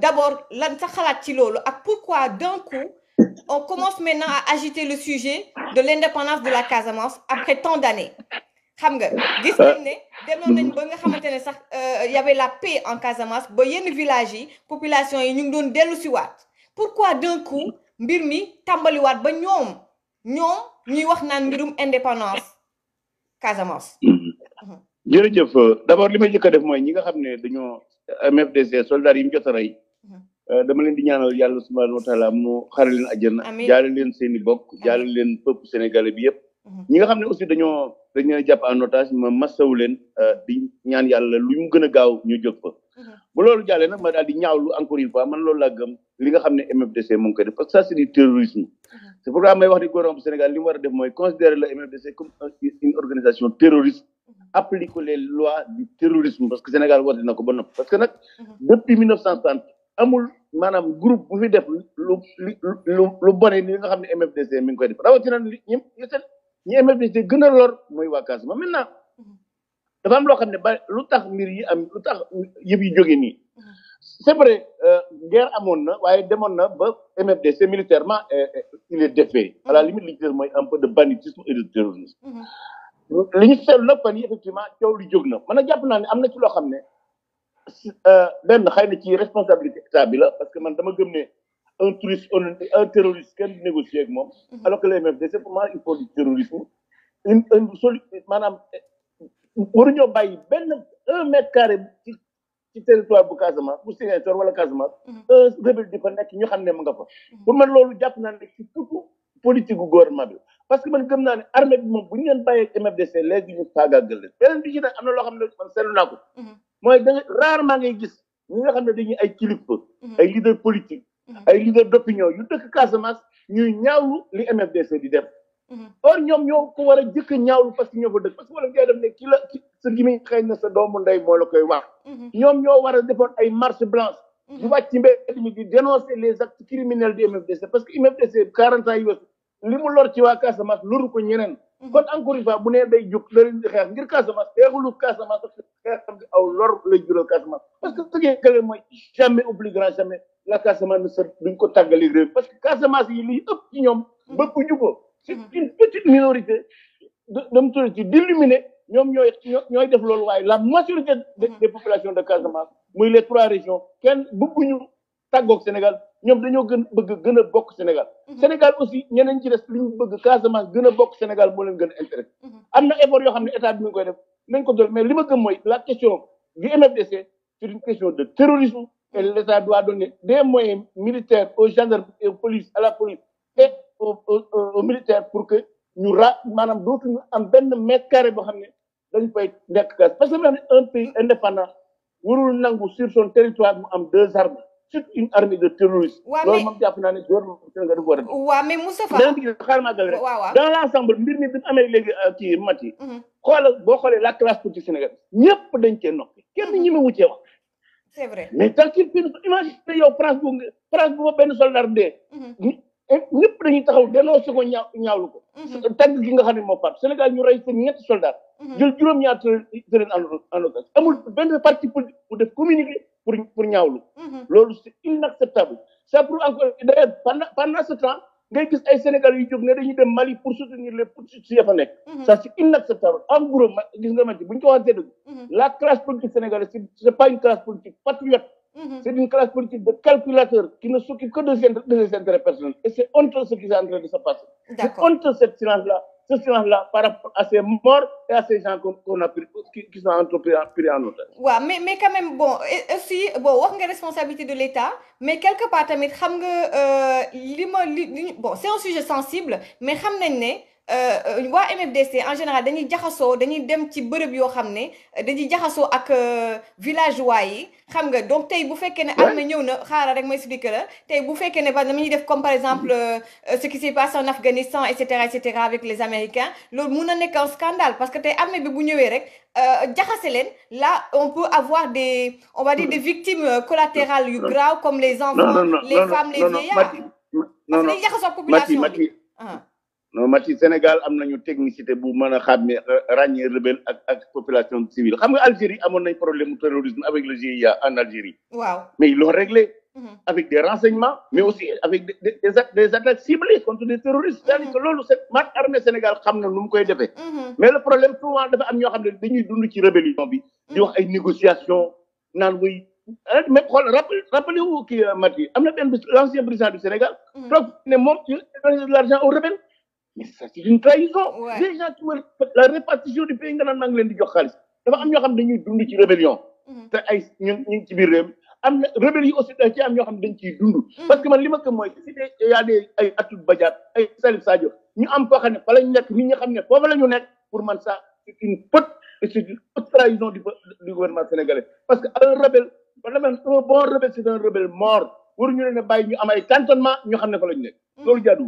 d'abord lan sa xalaat ci loolu ak pourquoi d'un coup On commence maintenant à agiter le sujet de l'indépendance de la Casamance après tant d'années. xam nga gis ne demoon nañ ba nga xamante ne sax euh, y avait la paix en Casamance ba yenn village yi population yi ñu ngi doon dellu si waat pourquoi d'un coup mbir mi tàmbaliwaat ba ñoom ñoom ñuy wax naan mbirum indépendance Casamance. Mm-hmm. jërëjëf d'abord li may njëkk def mooy ñi nga xam ne dañoo MFDC soldats yi mu jot rey mm-hmm. Euh, dama leen di ñaanal yàlla subhanahu wa taala mu xare leen àjjana jaale leen seen i bokk jaale leen peuple sénégalais bi yëpp mhm. ñi nga xam ne aussi dañoo dañoo jàpp en otage ma masawu leen euh, di ñaan yàlla lu ñu gën gaaw ñu jóg fa mhm. bu loolu jàllee na ma daal di ñaawlu encore une fois man loolu laa gëm li nga xam ne MFDC mu ngi koy def parce que ça c'est du terrorisme mhm. c'est pourquoi may wax ni gouvernement bu Sénégal li war a def mooy considérer le MFDC comme une organisation terroriste appliquer les lois na ko ba nopp parce amul maanaam groupe bu fi def lu lu lu bone li nga xam ne MFDC mi ngi koy def rawatina li ñi ñi MFDC gën a lor mooy waa Casamance maintenant mhm. dafa am loo xam ne ba lu tax mbir yi am lu tax yëf yi jóge nii mhm. c'est vrai euh, guerre amoon na waaye demoon na ba MFDC militairement euh, euh, il est défait à la mhm. limite li ñu tuddee mooy un peu de banditisme et de terrorisme li ñu seetlu nag fan coow li jóg na mën a jàpp naa ne am na ci loo xam ne Euh, benn xëy na ci responsabilité état bi la parce que man dama gëm ne un touriste un terroriste kenn du négocier ak moom. Mhm. alors que les MFDC pour moi il faut du terrorisme une bàyyi benn un mètre carré ci ci territoire bu Casamance bu Ziguinchor wala Casamance. Mhm. un rebelle di fa nekk ñu xam ne mu nga fa. Mhm. pour man loolu jàpp naa ne ci surtout politique gouvernement bi parce que man gëm naa ne armée bi moom bu ñu leen bàyyee MFDC léegi ñu faagaagal leen beneen bi ci nag am na loo xam ne man seetlu naa ko. mooy da rarement ngay gis ñi nga xam ne dañuy ay kilifa mhm. ay leader politique mhm. ay leader d'opinion yu dëkk Casamance ñuy ñaawlu li MFDC di def mhm. or ñoom ñoo ko war a jëkk ñaawlu parce que ñoo fa dëkk parce que wala ngay def ne ki sa gimi xëy na sa doomu ndey moo la koy wax ñoom ñoo war a defoon ay marche blanche di wàcc ci mbedd mi di dénoncer les actes criminels du MFDC parce que MFDC quarante ans li mu lor ci waa Casamance loru ko ñeneen Mm-hmm. kon encore une fois bu nee day jug la leen di xeex ngir Casamance xeexulu Casamance parce que xeexam gi aw lor lay jural Casamance parce mooy jamais au plus grand jamais la Casamance ne se duñ ko tàggali réew parce que Casamance yi liy ëpp ñoom ba ku jugoo c'est mm-hmm. une petite minorité de dam tudd ci d'illuminés ñoom ñooy def loolu waaye la majorité mm-hmm. des populations de Casamance muy les trois régions kenn bëgguñu tàggoog Sénégal ñoom dañoo gën bëgg gën a bokk Sénégal. Mhm. Sénégal aussi ñeneen ci des li bëgg Casamance gën a bokk Sénégal moo leen gën a mhm. am na effort yoo xam ne état bi koy def nañ ko doon mais li ma mooy la question du MFDC c'est une question de terrorisme et mhm. l'État doit donner des moyens militaires aux gendarmes et à la police et aux, aux, pour que ñu ra maanaam dootuñu am benn mètre carré boo xam ne dañ fay nekk gaz parce que un pays indépendant warul nangu sur son territoire mu am deux armes. c'est une armée de terroristes. loolu moom jàpp naa ne door Sénégal dafa war a def. waaw bi ci xaaral maa gën rek. boo xoolee la classe politique Sénégal ñëpp dañ cee noppi kenn mm-hmm. ñi ma wuccee wax. mais tant que une imagine yow France bu France bu benn soldat dee. Mm-hmm. ñëpp eh, dañuy taxaw delloo si ko ñaaw mm-hmm. xam ne moo faat Sénégal ñu rey seen ñetti soldats. Mhm. jël juróom ñaar dërëm en otage amul benn parti politique bu def communiqué pour pour ñaawlu mhm. loolu c'est inacceptable ça pour encore d'ailleurs pendant pendant temps ngay gis ay Sénégal yu jóg ne dañuy dem Mali pour soutenir les poursuites ya fa nekk mhm. c'est inacceptable en gros gis nga man ci bu la classe politique sénégalaise c'est pas une classe politique patriote c'est une classe politique de calculateurs qui ne s'occupe que de ses intérêts et c'est honteux cette souffrance-là par rapport à ces morts et à ces gens qu'on a pris, qui sont entrepris en otage. waaw mais mais quand même bon aussi bon wax responsabilité de l'État mais quelque part tamit xam nga euh, li ma li bon c'est un sujet sensible mais xam nañ ne. Euh, euh, waa MFDC en général dañuy jaxasoo dañuy dem ci bërëb yoo xam ne euh, dañuy jaxasoo ak villageois yi xam nga donc tey bu fekkee ne armée ñëw na xaaral rek ma expliquer la tey bu fekkee ne ba dama ñuy def comme par exemple ce qui s'est passé en Afghanistan et cetera et cetera avec les Américains loolu mun na nekk scandale parce que tey armée bi bu ñëwee rek jaxase leen la on peut avoir des on va dire des victimes collatérales yu grave comme les enfants les femmes les vieillards parce que dañuy jaxasoo population bi ah. non Maty Sénégal am nañu technicité bu mën a xàmmee ràññee rebelle ak ak population civile xam nga Algérie amoon nañ problème mu terrorisme avec le GIA en Algérie. waaw mais ils l'ont réglé. Mm-hmm. avec des renseignements mais aussi avec des des des attaques ciblées contre des terroristes. Mm-hmm. mat armée Sénégal xam na nu mu koy defee. Mm-hmm. mais le problème souvent dafa am ñoo xam ne dañuy dund ci rébellion bi. di wax ay négociations naan muy ah, mais xool rappel rappelé wu kii euh, Maty am na benn l'ancien président du mais ça c'est une trahison. la répartition du pays nga naan leen di jox xaalis dafa am ñoo xam dañuy dund ci rébellion. Mm-hmm. te ay ñu ñu xam dañ ciy dund. Mm-hmm. parce que man li ma mooy si y a des ay Atout Badiate ay Salif Sadio ñu am foo xam ne fa la ñu nekk xam ñu nekk pour man ça c'est une faute c'est une haute trahison du gouvernement sénégalais parce que un rebelle wala man un bon rebelle c'est un rebelle mort waruñu leen a bàyyi ñu am ay cantonnement ñu xam ne fa la nekk mm-hmm. loolu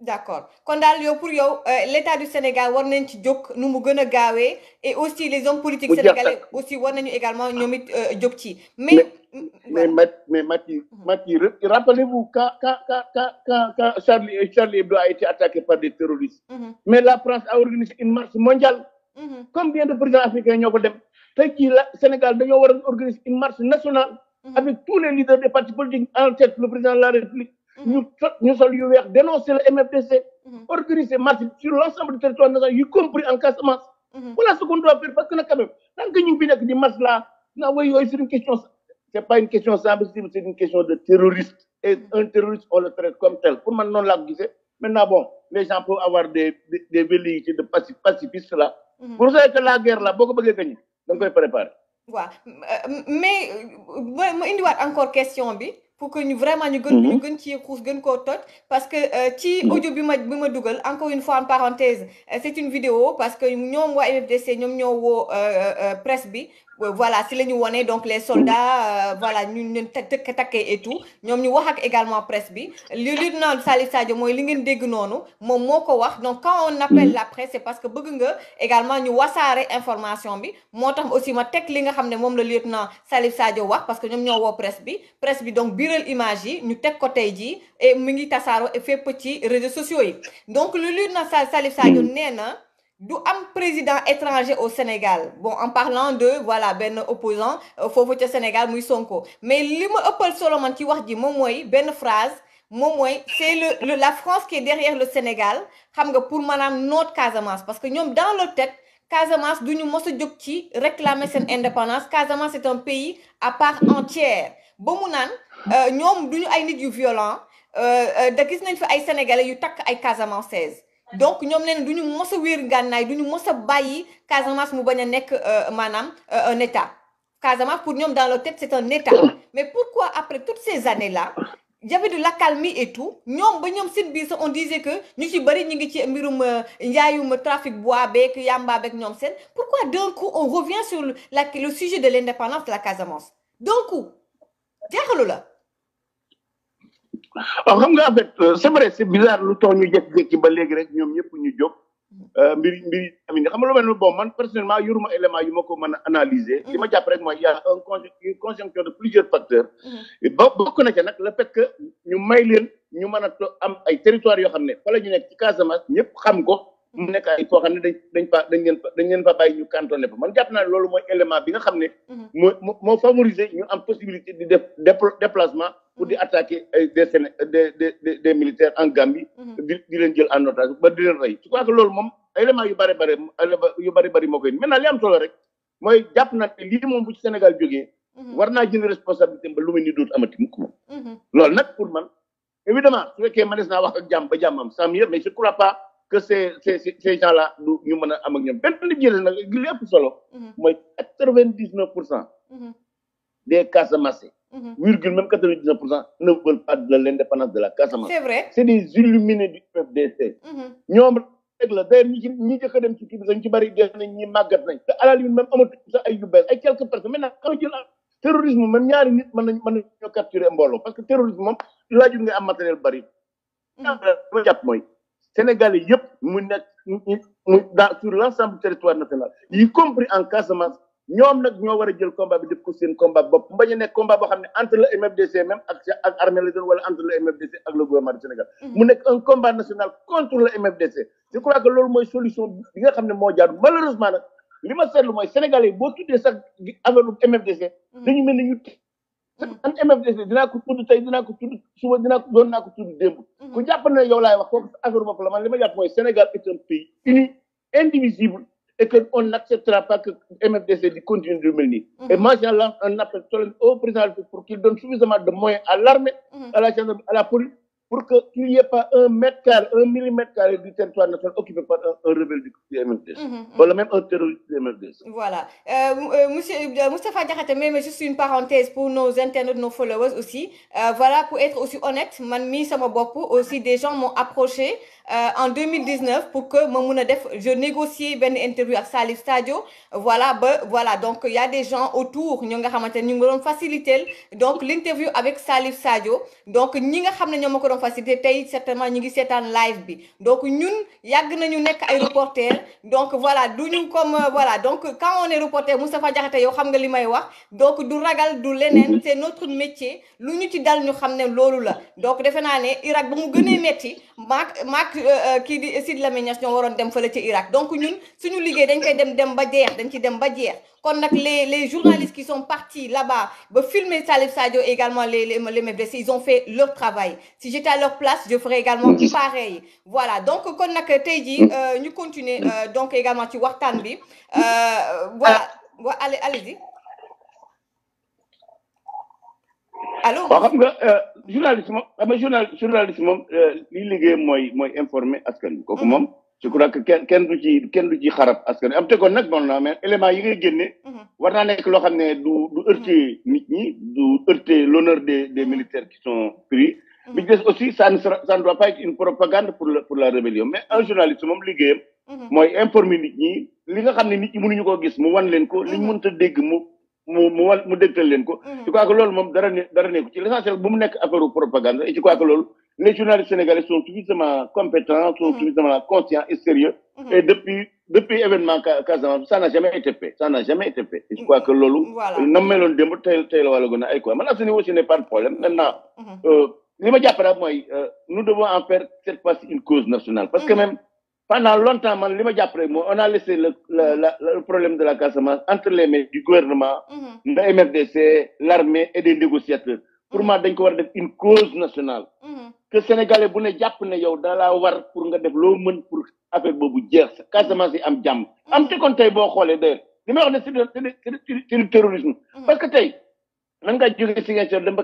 d'accord kon daal yow pour yow euh, l'état du Sénégal war nañ ci jóg nu mu gën a gaawee et aussi les hommes politiques sénégalais aussi war nañu également ah. ñoom it euh, ci mais mais mais Maty mhm. Maty rappelez-vous quand quand quand quand quand Charlie Charlie Hebdo a été attaqué par des terroristes mhm. mais la France a organisé une marche mondiale mhm. combien de présidents africains ñoo ko dem tey ci la Sénégal dañoo war organiser une marche nationale avec tous les leaders ñu tot ñu sol yu weex dénoncer le MFDC. Mhm. organiser marche sur l' ensemble du territoire national y compris en Casamance. Mhm. voilà ce qu'on doit parce que nag quand même tant que di mas la naa woy yooyu c' une question c' est pas une question sensible c' une question de terroriste et mhm. un terroriste on le traite comme tel pour man noonu laa ko gisee bon les gens peuvent avoir des des, de pacifistes là. vous savez que la guerre là boo ko bëggee pour que ñu vraiment ñu gën mhm. ñu gën ci xuus gën koo toj parce que euh, ci mhm. audio bi ma ma dugal encore une fois en parenthèse euh, c'est une vidéo parce que ñoom waa MFDC ñoom ñoo woo euh, presse bi Euh, voilà si la ñu wone donc les soldats euh, voilà ñu ñu tëkk takkee et tout ñoom ñu wax ak également presse bi li lieutenant Salif Sadio mooy li ngeen dégg noonu moom moo ko wax donc quand on appelle mm-hmm. la presse c'est parce que bëgg nga également ñu wasaare information bi moo tax aussi ma teg li nga xam ne moom la lieutenant Salif Sadio wax parce que ñoom ñoo woo presse bi presse bi donc biiral image yi ñu teg ko tey jii et mu ngi tasaaroo fépp ci réseaux sociaux yi donc le lieutenant mm-hmm. nee na du am président étranger au Sénégal bon en parlant de voilà benn opposant euh, foofu ca Sénégal muy Sonko mais li ma ëppal solo man ci wax ji moom mooy benn phrase moom mooy c'est le la France qui est derrière le Sénégal xam nga pour maanaam noot Casamance parce que ñoom dans le tête Casamance du ñu mos a jóg ci réclamer seen indépendance Casamance c'est un pays à part entière ba mu naan euh, ñoom du ñu ay nit yu violent euh, da gis nañ fi ay sénégalais yu takk ay casamançaises donc ñoom nee du ñu mos a wéer ngànnaay du ñu mos a bàyyi Casamance mu bañ a nekk euh, maanaam euh, un état Casamance pour ñoom dans leur tête c'est un état mais pourquoi après toutes ces années là y avait de et tout ñoom ba ñoom seen biir sax on disait que ñu ci bëri ñu ngi ci mbirum euh, njaayum trafic bois beeg yamba beeg ñoom seen pourquoi d'un coup on revient sur le sujet de l'indépendance de la Casamance d'un coup la waaw xam nga en fait euh, c'est vrai bizarre lu tox ñu jékki-jékki ba léegi rek ñoom ñëpp ñu jóg euh, mbir mbir tamit xam nga lu mel ni bon man personnellement yoruma élément yu ma ko mën a analyser li ma jàpp rek mooy y a un une conjonction de plusieurs facteurs mm-hmm. ba bokk na ca nag la fait ñu may leen ñu mën a am ay territoire yoo xam ne fa la ñu nekk ci Casamance ñëpp xam ko mu nekk ay koo xam ne dañ fa dañ leen fa dañ leen fa bàyyi ñu man jàpp naa loolu mooy élément bi nga xam ne. Mhm. moo moo favoriser ñu am possibilité di déplacement pour di mhm. attaquer ay des Séné des des des en Gambie. Mhm. di di leen jël en otage ba di leen rey je crois que loolu moom élément yu bari bari yu bari bari moo koy maintenant li am solo rek mooy jàpp naa ne lii moom bu ci Sénégal jógee. war naa jël responsabilité ba lu muy ni dootu amati mukk moom. loolu nag pour man évidemment su fekkee mënees naa wax ak jàmm ba jàmmam sans mieux mais je que ces ces ces gens là du ñu mën a am ak ñoom benn li jëlee nag li ëpp solo. Mhm. mooy quatre vingt dix neuf pour cent. Mhm. des Casamance. Mhm. virgule même quatre vingt dix neuf pour cent ne veulent pas de l' indépendance de la Casamance. c' est vrai c' est des illuminés du FDC. ñoom ci ñi njëkk a dem ci kii bi sax ci bëri def nañ ñi màggat nañ te à la limite ay yu bees ay quelques terrorisme man ñaari nit mën nañ mën capturer mbooloo parce que terrorisme moom laajut nga am matériel bari. mooy. sénégalais yëpp mu nekk mu dans sur l' ensemble du territoire national y compris en Casamance ñoom nag ñoo war a jël combat bi def ko seen combat bopp bañ a nekk combat boo xam ne entre le MFDC même ak ak la doon wala entre le MFDC ak le Sénégal. Mm-hmm. mu nekk un combat national contre le MFDC. je crois que loolu mooy solution bi nga xam ne moo jaadu malheureusement nag li ma seetlu mooy sénégalais boo tuddee sax affaire MFDC. Mm-hmm. dañu mel ni ñu MFDC dinaa ko tudd tey dinaa ko tudd suba dinaa ko tudd démb. Mhm. ku jàpp ne yow laay wax kooku sa affaire bopp la ma jàpp mooy Sénégal est un pays uni indivisible et que on n'acceptera pas que MFDC di continue de mel nii. Mhm. et moi je un appel solennel au président pour qu'il donne suffisamment de moyens à mhm. à la police. pour qu'il n'y ait pas un mètre carré, un millimètre carré du territoire national occupé par un, un rebelle du MNDS. Mmh, mmh. Voilà, même un terroriste du MNDS. Voilà. Euh, euh, monsieur euh, Moustapha Diakhaté, même juste une parenthèse pour nos internautes, nos followers aussi. Euh, voilà, pour être aussi honnête, Manmi Samaboko, aussi des gens m'ont approché. Euh, en 2019 pour que ma mun a def je négocier benn interview ak Salif Sadio voilà ba voilà donc y a des gens autour ñoo nga xamante ne ñu ngi doon faciliter donc l'interview avec Salif Sadio donc ñi nga xam ne ñoo ma ko doon faciliter tey certainement ñu ngi seetaan live bi donc ñun yàgg nañu nekk ay reporter donc voilà du ñu comme euh, voilà donc quand on est reporter Moustapha Diakhaté yow xam nga li may wax donc du ragal du leneen c'est notre métier lu ñu ci dal ñu xam ne loolu la donc defe naa ne Irak ba mu gënee metti maak Euh, kii di Sidy Lamine Niass ñoo waroon dem fële ca Irak donc ñun suñu liggéey dañ koy dem dem ba jeex dañ ci dem ba jeex kon nag le les journalistes qui sont partis là-bas ba filmer Salif Sadio également les les les blessés ils ont fait leur travail si j'étais à leur place je ferais également pareil voilà donc kon nag tey jii mm. euh, ñu continuer euh, donc également ci waxtaan bi voilà wa allez allez-y allo. journaliste moom ama journal journaliste moom euh, lii liggéeyam mooy mooy informer askan bi kooku mhm. moom je crois que kenn kenn du ci kenn du ci xarab askan am te nag bon na mais élément yi ngay génne mhm. war nekk loo xam ne du du heurter nit ñi du heurter l'honneur des des mhm. militaires qui sont pris bi des aussi ça ne sera ne doit pas une propagande pour la rébellion mais un journaliste moom liggéeyam mooy informer nit ñi li nga xam ne nit ñi mënuñu koo gis mu wan leen mu mu mu dégtal leen ko. Mm-hmm. je crois que loolu moom dara ne dara nekku ci l'essentiel bu mu nekk affaire propagande et je crois que loolu les journalistes sénégalais sont suffisamment compétents sont mm-hmm. suffisamment conscients et sérieux mm-hmm. et depuis événement Casamance ça n'a jamais été fait ça n'a que loolu. voilà na meloon démb tey tey la quoi maintenant ce niveau aussi n'est pas de problème maintenant. Euh, li ma jàpp daal euh, nous devons en faire cette fois une cause pendant longtemps man li ma jàpp rek mooy on a laissé le le le problème de la Casamance entre les mains du gouvernement. de mhm. MFDC l'armée et des négociateurs. pour mhm. moi dañ ko war a def une cause nationale. Mhm. que sénégalais bu ne jàpp yow da war pour nga def loo mën pour affaire boobu jeex Casamance yi am jàmm. am te tey boo xoolee d'ailleurs li may wax ne c'est terrorisme. parce que tey nan ngaa jógee Ziguinchor dem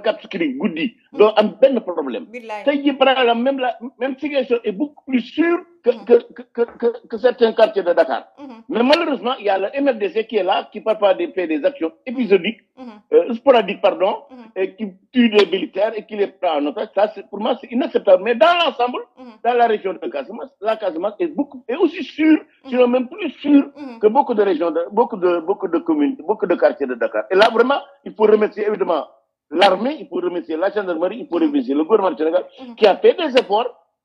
guddi. doo am benn problème. tey jii par Mm-hmm. que, que, que, que, certains quartiers de Dakar. Mm -hmm. Mais malheureusement, il y a le MRDC qui est là, qui parfois des, actions épisodiques, mm-hmm. euh, sporadiques, pardon, mm-hmm. et qui tue des militaires et qui les prend en otage. Ça, pour moi, c'est inacceptable. Mais dans l'ensemble, dans la région de Casamance, la Casamance est beaucoup, est aussi sûre, sinon même plus sûre que beaucoup de régions, de, communes, beaucoup de quartiers de Dakar. Et là, vraiment, il faut remercier évidemment l'armée,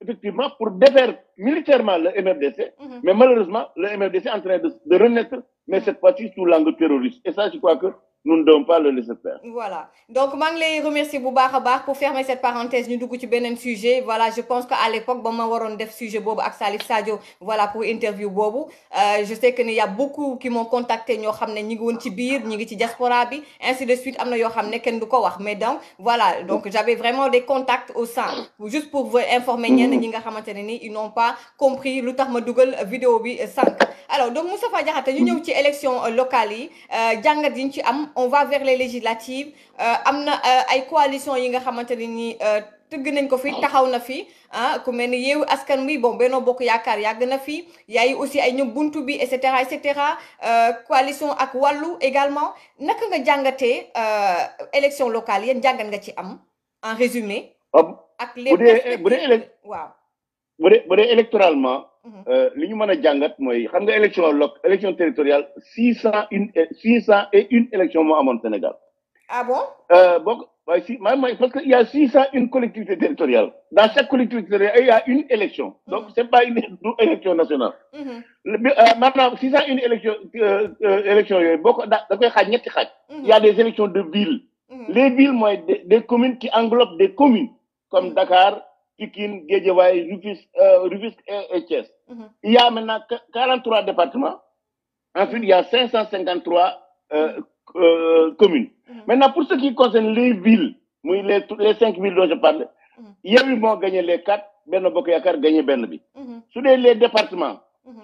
effectivement pour défaire militairement le MFDC, mm -hmm. mais malheureusement, le MFDC en train de, de renaître, mais mhm. cette fois-ci sous terroriste. Et ça, je crois que nous ne devons pas le laisser faire. voilà donc maa ngi lay remercier bu baax a baax pour fermer cette parenthèse ñu dugg ci beneen sujet voilà je pense que à l'époque ba ma waroon def sujet boobu ak Salif Sadio voilà pour interview boobu euh, je sais que ni y a beaucoup qui m'ont contacté ñoo xam ne ñi ngi woon ci biir ñi ngi ci diaspora bi ainsi de am na yoo xam ne kenn du ko wax mais donc voilà donc j'avais vraiment des contacts au sein juste pour informer ñenn ñi nga xamante ne ni ils n'ont pas compris lu tax ma dugal vidéo bi sànq alors donc Moustapha Diakhaté ñu ñëw ci élection locale yi euh, jàngat yi ñu ci am on va vers les législatives euh, am na euh, ay coalition yi nga xamante ne nii euh, tëgg nañ ko fi taxaw na fi ah ku mel yeewu askan wi bon Benno Bokk Yaakaar yàgg na fi yaay aussi ay ñoom buntu bi et cetera et cetera coalition ak wàllu également naka nga jàngate élection locale yéen jàngat nga ci am en résumé. ak les bu dee waaw. bu dee bu dee mhm. euh, li ñu mën a jàngat mooy xam nga élection loc élection territoriale six cent une six cent a une élection moo amoon Sénégal. ah bon. Euh, boo waaye si maanaam mooy parce que il y a six cent une collectivité territoriale dans chaque collectivité territoriale il y a une élection mhm. donc c'est pas une du nationale. Mhm. Euh, maanaam six cent une élection élection yooyu boo da da koy xaaj ñetti xaaj. il y a des élections de ville. les villes mooy des communes qui englobent des communes comme Dakar. Pikine, Guédiawaye, Rufisque euh, et, Thiès. Mm -hmm. Il y a maintenant 43 départements. Ensuite, il y a 553 euh, mhm. euh, mhm. pour ce qui concerne les villes, les, les 5 villes dont je parle, mm -hmm. il y a eu bon gagné les 4, Ben Bokoyakar gagné Ben mhm. Sur les, les départements,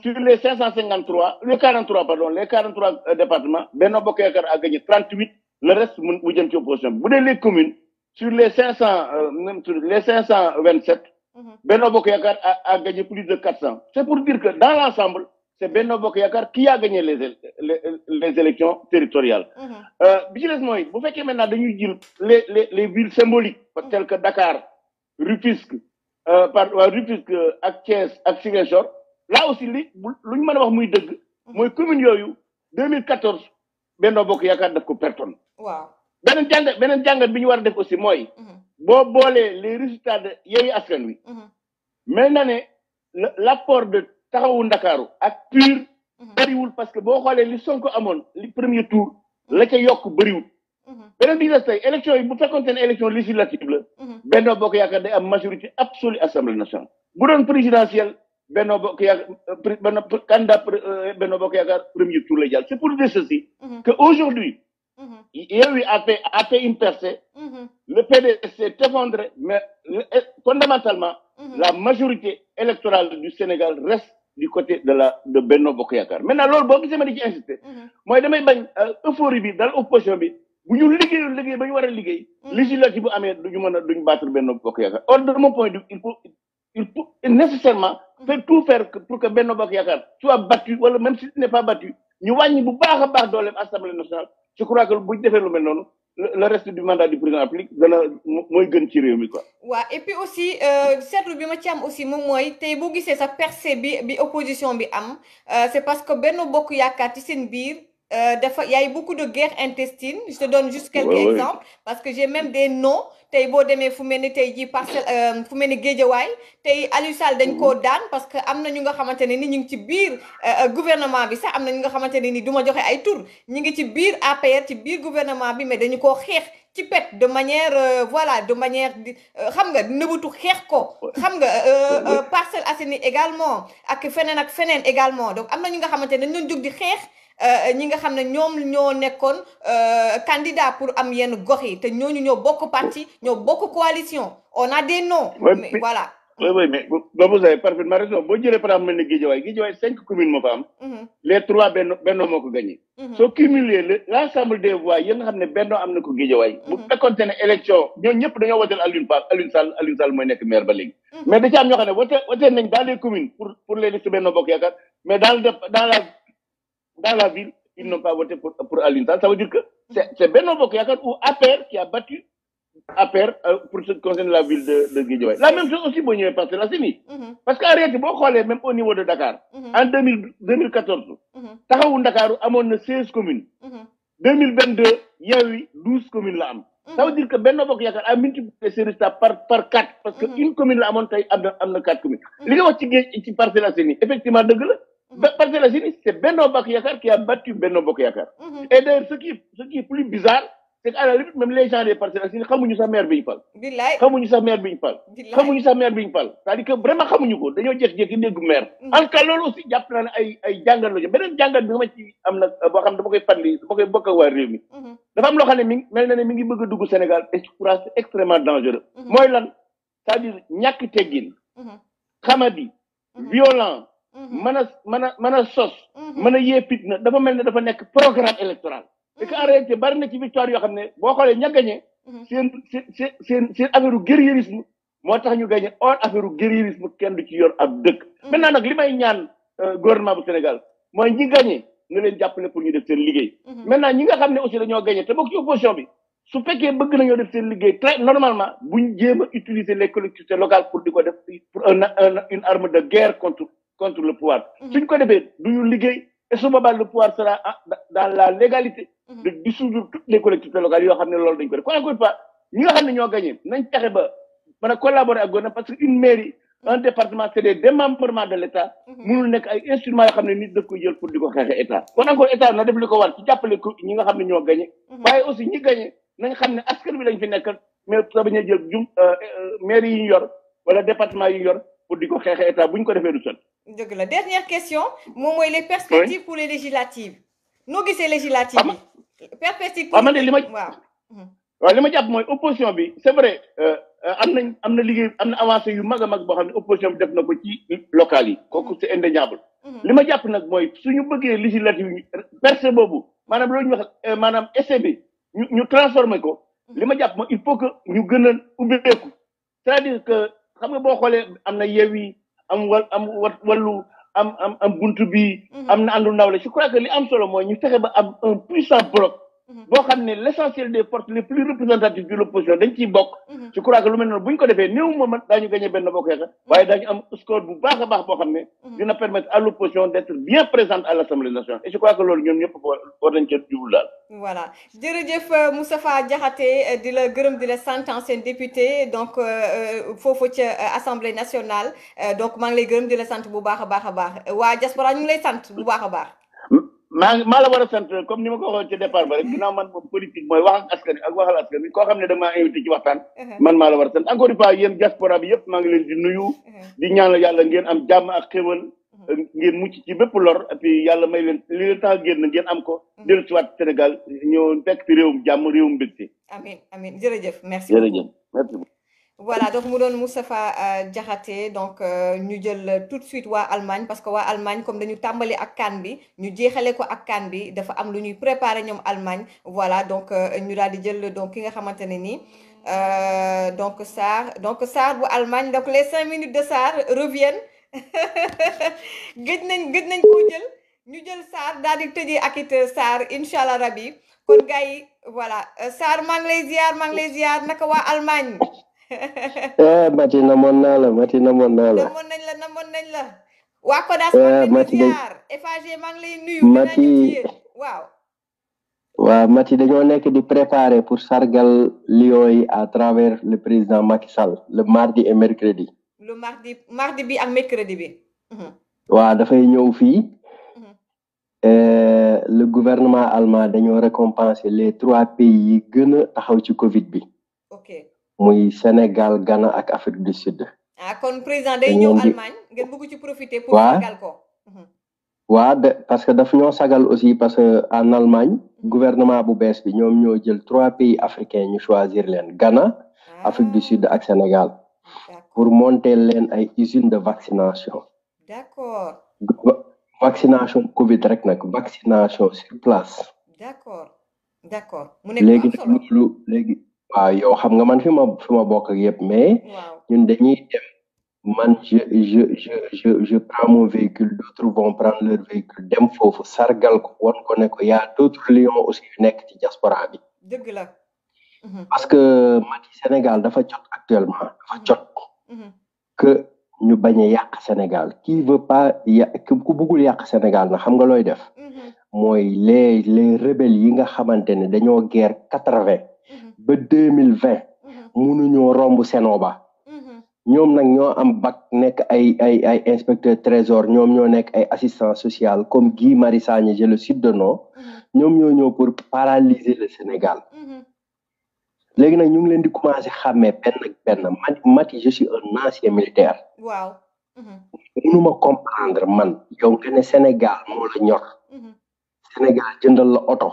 sur les 553, les 43, pardon, les 43 euh, départements, Ben Bokoyakar a gagné 38, le reste, vous opposition. Vous les communes, sur les cinq cent euh, même sur les cinq cent vingt sept mhm. Benno Bokk Yaakaar a a gagné plus de quatre cent c'est pour dire que dans l'ensemble c'est Benno Bokk Yaakaar qui a gagné les les les élections territoriales mhm. euh, bi ci des mooy bu fekkee maintenant dañuy jël les les les villes symboliques mhm. telles que Dakar Rufisque euh, par Rufisque ak Thiès ak Ziguinchor là aussi li lu ñu mën a wax muy dëgg mooy commune yooyu 2014 Benno Bokk Yaakaar daf ko pertoon beneen jàngat beneen jàngat bi ñu war a def aussi mooy. Mhm. boo boolee les résultats de Yewwi Askan Wi. Mhm. mel na ne l'apport de taxawu ndakaaru ak pur mhm. bëriwul parce que boo xoolee li Sonko amoon li premier tour le ca yokk bëriwul. beneen bi ñu des tey élection yi bu fekkoonte ne élection législative la. Benno Bokk Yaakaar day am majorité absolue assemblée nation bu doon présidentielle Benno Bokk Yaakaar euh, candidat euh, Benno Bokk premier tour lay jàll c'est pour dire ceci que aujourd'hui Mm-hmm. Yewwi a fait une percée. Le PDS s'est effondré, mais eh, fondamentalement, mm-hmm. la majorité électorale du Sénégal reste du côté de la de Benno Bokk Yaakaar maintenant loolu boo gisee ma di ci insisté mm-hmm. mooy damay bañ euh, euphorie bi dal opposition bi bu ñu liggéeyul liggéey ba ñu war a liggéey législative bu amee duñu mën a duñu battre Benno Bokk Yaakaar or de mon point de vue il faut il faut nécessairement faire tout faire pour que Benno Bokk Yaakaar soit battu wala même s'il n'est pas battu ñu wàññi bu baax a baax dooleem Assemblée nationale je crois que bu ñu defee lu mel noonu le reste du mandat du président applique dana mooy gën ci réew mi quoi. waaw et puis aussi euh, seetlu bi ma ci am aussi moom mooy tey boo gisee sa percée bi bi opposition bi am euh, c'est parce que Benno Bokk Yaakaar ci seen biir. Euh, il y a beaucoup de guerres intestine Je te donne juste quelques ouais, parce que j'ai même des noms tey boo demee fu mel ni tey jii parcelle euh, fu mel ni géejawaay tey Aliou dañ koo mhm. daan parce que am na ñu nga xamante ne ni ñu ngi ci biir euh, euh, gouvernement bi sax am na ñu nga xamante ne ni du joxe ay tur ñu ngi ci biir APR ci biir gouvernement bi mais dañu koo xeex ci pet de manière voilà de manière xam nga nëbatu xeex ko. xam nga Parcelles Assainies également ak feneen ak feneen également donc am na ñu nga xamante ne dañ doon jóg di xeex. Euh, ñi nga xam ne ñoom ñoo nekkoon euh, candidat pour am yenn gox yi te ñooñu ñoo bokk parti ñoo bokk coalition on a des noms. mais voilà. oui oui mais vous avez parfaitement raison boo jëlee par am. Mm-hmm. les trois benn mm-hmm. soo cumulé le l' ensemble des voix yi xam ne benno am na ko Guédiawaye. bu mm-hmm. fekkoonte ne élection ñooñu ñëpp dañoo woteel Alioune Ba Alioune Sall Alioune Sall mooy nekk maire ba léegi. mais da ci am ñoo xam ne wote wote nañ dans les communes pour pour les listes benno bokk yaakaar dans la ville, ils n'ont pas voté pour, pour Alintal. Ça dire que c'est Benno Bokayakar ou APR qui a battu APR euh, pour ce qui concerne la ville de, de Guédiouaï. La même chose aussi, bon, il passé la CENI. Mm -hmm. Parce qu'en réalité, bon, même au niveau de Dakar, mm -hmm. en 2000, 2014, Tahaoun Dakar a 16 communes. Mm -hmm. 2022, il y a eu 12 communes là. Mm-hmm. Ça veut dire que Benno Bokayakar a multiplié par, par Parce qu'une mm-hmm. commune là, Parcelles Assainies, c'est Benno Bakayakar qui a battu Benno mhm. Et d'ailleurs, ce qui, ce qui plus bizarre, c'est qu'à la limite, même les gens des Parcelles Assainies, xamuñu sa maire bi xamuñu sa maire bi ñu fal. billaay xamuñu sa maire bi ñu fal. c'est-à-dire que vraiment xamuñu ko dañoo jékki-jékki dégg maire. Mhm. en tout cas loolu aussi jàpp naa ne ay ay jàngat la beneen bi ma ci am nag euh, boo xam ne dama koy fàttali dama koy bokk ak waa réew mi. Mhm. dafa am loo ne mi ngi bëgg a dugg Sénégal extrêmement dangereux. mooy lan cest dire mën mm-hmm. a mën a mën a sos mën mm-hmm. a yeepit na dafa mel ne dafa nekk programme électoral parce que en réalité bari na ci victoire yoo xam ne boo xoolee ña gagné mm-hmm. seen seen seen seen affaire guerrierisme moo tax ñu gagné or affaire guerrierisme kenn du ci yor ab dëkk maintenant nag li may ñaan euh, gouvernement bu Sénégal mooy ñi gagné nga leen jàppale pour ñu def seen liggéey maintenant ñi nga xam ne aussi dañoo gagné te bokk ci opposition bi su fekkee bëgg nañoo def seen liggéey très normalement buñ jéem a utiliser les di ko def pour une arme de guerre contre le pouvoir. Mhm. suñ ko defee du ñu liggéey et ba boobaa le pouvoir sera dans la légalité. Mhm. de dissoudre toutes les collectivités locales yoo xam ne loolu dañ ko def kon encore une fois ñi nga xam ne ñoo gagné nañ fexe ba mën a mhm. l' koy jël pour di ko ñi nga xam ne ñoo gagné. waaye aussi ñi gagné nañ xam ne askan bi lañ fi nekkal mais sa bañ a euh, euh, mairie yi ñu yor wala département yi ñu yor pour di ko xeexe état bu ñu ko defee du sot dëgg la question moom mooy les perspectives pour les législatives noo gisee législatives yi. perspectives waaw man de li ma waaw li ma jàpp mooy opposition bi c'est vrai euh, euh, am nañ am na liggéey am na avancé yu mag a mag boo xam ne opposition bi def na ko ci local yi kooku c'est indéniable. Mhm. li ma jàpp nag mooy suñu bëggee législative yi percée boobu maanaam loolu ñu wax euh, maanaam essai ñu ñu ko li ma jàpp mooy il faut que ñu gën a ubbeeku c'est-à-dire que xam nga boo xoolee am na yeew am wal am wallu am am am buntu bi mhm. am na àndu ndaw la je crois que li am solo mooy ñu fexe ba am un puissant bloc Mhm. boo xam ne l' essentiel des forces les plus représentatives de l' opposition dañ ciy bokk. Mhm. je crois que lu mel noonu bu ñu ko defee néew ma man daañu gagné benn bokk mhm. waaye daañu am score bu baax a baax boo xam ne. dina permettre à l' opposition bien présente à l' nationale et je crois que loolu ñoom ñëpp war nañ cee jublu daal. voilà jërëjëf euh, Moustapha Diakhaté euh, di la gërëm di la sant ancien député donc euh, foofu ca assemblée nationale donc maa ngi lay gërëm di la sant bu baax a a baax waa diaspora ñu ngi lay sant bu baax a baax. maa maa la war a sant comme ni ma ko waxoon ci départ ba rek ginnaaw man moom politique mooy wax ak askan ak waxal askan wi koo xam ne da maa invité ci waxtaan. Uh-huh. man maa la war a sant encore une fois yéen diaspora bi yëpp maa ngi leen di nuyu. Uh-huh. di ñaanal yàlla ngeen am jàmm ak xéwal. Uh-huh. ngeen mucc ci bépp lor et puis yàlla may leen li leen tax génn ngeen am ko. dellu si waat Sénégal ñëw fekk fi réewum jàmm réewum mbégte. amiin amiin jërëjëf merci jërëjëf merci beaucoup. voilà donc mu doon Moustapha euh, Diakhaté donc euh, ñu jël tout de suite waa Allemagne parce que waa Allemagne comme dañu tàmbali ak kan bi ñu jeexale ko ak kan bi dafa am lu ñuy préparer ñoom Allemagne voilà donc euh, ñu daal di jël donc ki nga xamante ne nii donc Sarr donc Sarr bu Allemagne donc les cinq minutes de Sarr reviennent [laughs] gëj nañ gëj nañ koo jël ñu jël Sarr daal di tëjee ak it Sarr incha allah rabi kon gars yi voilà Sarr maa ngi lay ziar maa naka waa Allemagne. ah [laughs] na moon naa la Mati na naa la. namoon nañ la namoon nañ la. waa Kodas eh, maa ngi Mati waaw. Mati dañoo nekk di préparer pour sargal Lions yi à travers le président Macky Sall le mardi et mercredi. le mardi mardi bi ak mercredi bi. Mhm. waaw dafay ñëw fii. Mhm. Eh, le gouvernement allemand dañoo récompenser les trois pays yi gën a taxaw ci Covid bi. muy Sénégal Ghana ak Afrique du Sud. ah kon président day mhm. parce que daf ñoo sagal aussi parce que en Allemagne mhm. gouvernement bu bees bi ñoom ñoo jël trois pays africain ñu choisir leen Ghana ah. Afrique du Sud ak Sénégal pour monter leen ay usines de vaccination. d'accord vaccination Covid rek nag vaccination sur place. d'accord d'accord mu waaw yow xam nga man fi ma fi ma bokk ak yëpp mais ñun dañuy dem man je je je je je prends mon véhicule d'autres vont prendre leur véhicule dem foofu sargal ko won ko nekk yaa y'a d'autres lions aussi yu nekk ci diaspora bi dëgg la mhm. parce que Maty Sénégal dafa jot actuellement dafa mhm. jot mhm. que ñu bañ a yàq Sénégal qui veut pas yà ku bëggul yàq Sénégal na xam nga looy def mooy les les rebelles yi nga xamante ne dañoo guerre quatre-vingt ba deux mille vingt mënuñoo mhm. romb Senooba mhm. ñoom nag ñoo am bac nekk ay ay ay inspecteur trésor ñoom ñoo nekk ay assistant sociale comme Guy Marius Sagna je le cite mhm. ñoom ñoo ñëw pour paralyser le Sénégal léegi nag ñu ngi leen di commencé xame benn ak benn Mati Mati je suis un ancien militaire. waaw. mënuma comprendre man yow nga ne Sénégal moo la Sénégal jëndal la oto.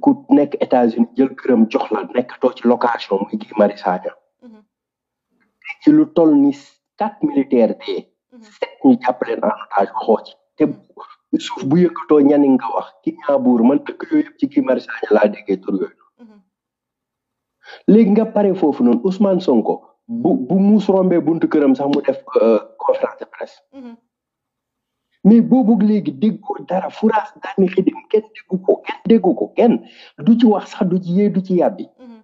ku nekk États-Unis jël këram jox la nekk too ci location muy Guy Marius Sagna mhm. ci lu tol ni quatre militaire dee mhm. sept ñu jàppaleen en otage waxoo ci te suuf bu yëkkatoo ñani nga wax ki ñaabuur man dëkk yooyu ci Guy Marius laa déggee tur yooyu mhm. léegi nga pare foofu noonu Ousmane Sonko bu bu muus rombee buntu këram sax mu def euh, conférence de presse mais boobu léegi déggoo dara furaas daani xidim kenn déggu ko kenn du ci wax sax du ci yee du ci yàbbi mm-hmm.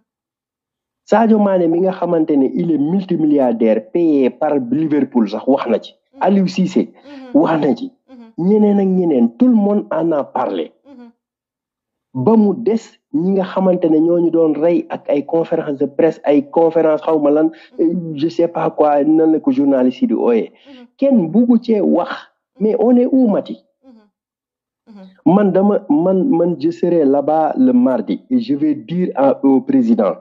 Sadio Mané mi nga xamante ne il est multimilliardaire payé par Liverpool sax wax na ci mm-hmm. Aliou Cissé mm-hmm. wax na ci ñeneen ak ñeneen tout le mone en a parlé ba mu des ñi nga xamante ne ñu doon rey ak ay conférence de presse ay conférence xaw ma lan je sais pas quoi nan la ko journaliste yi di ooyee kenn buggu cee wax mais on est où mhm. Mati mhm. Mhm. man dama man man je serai là-bas le mardi et je vais dire à président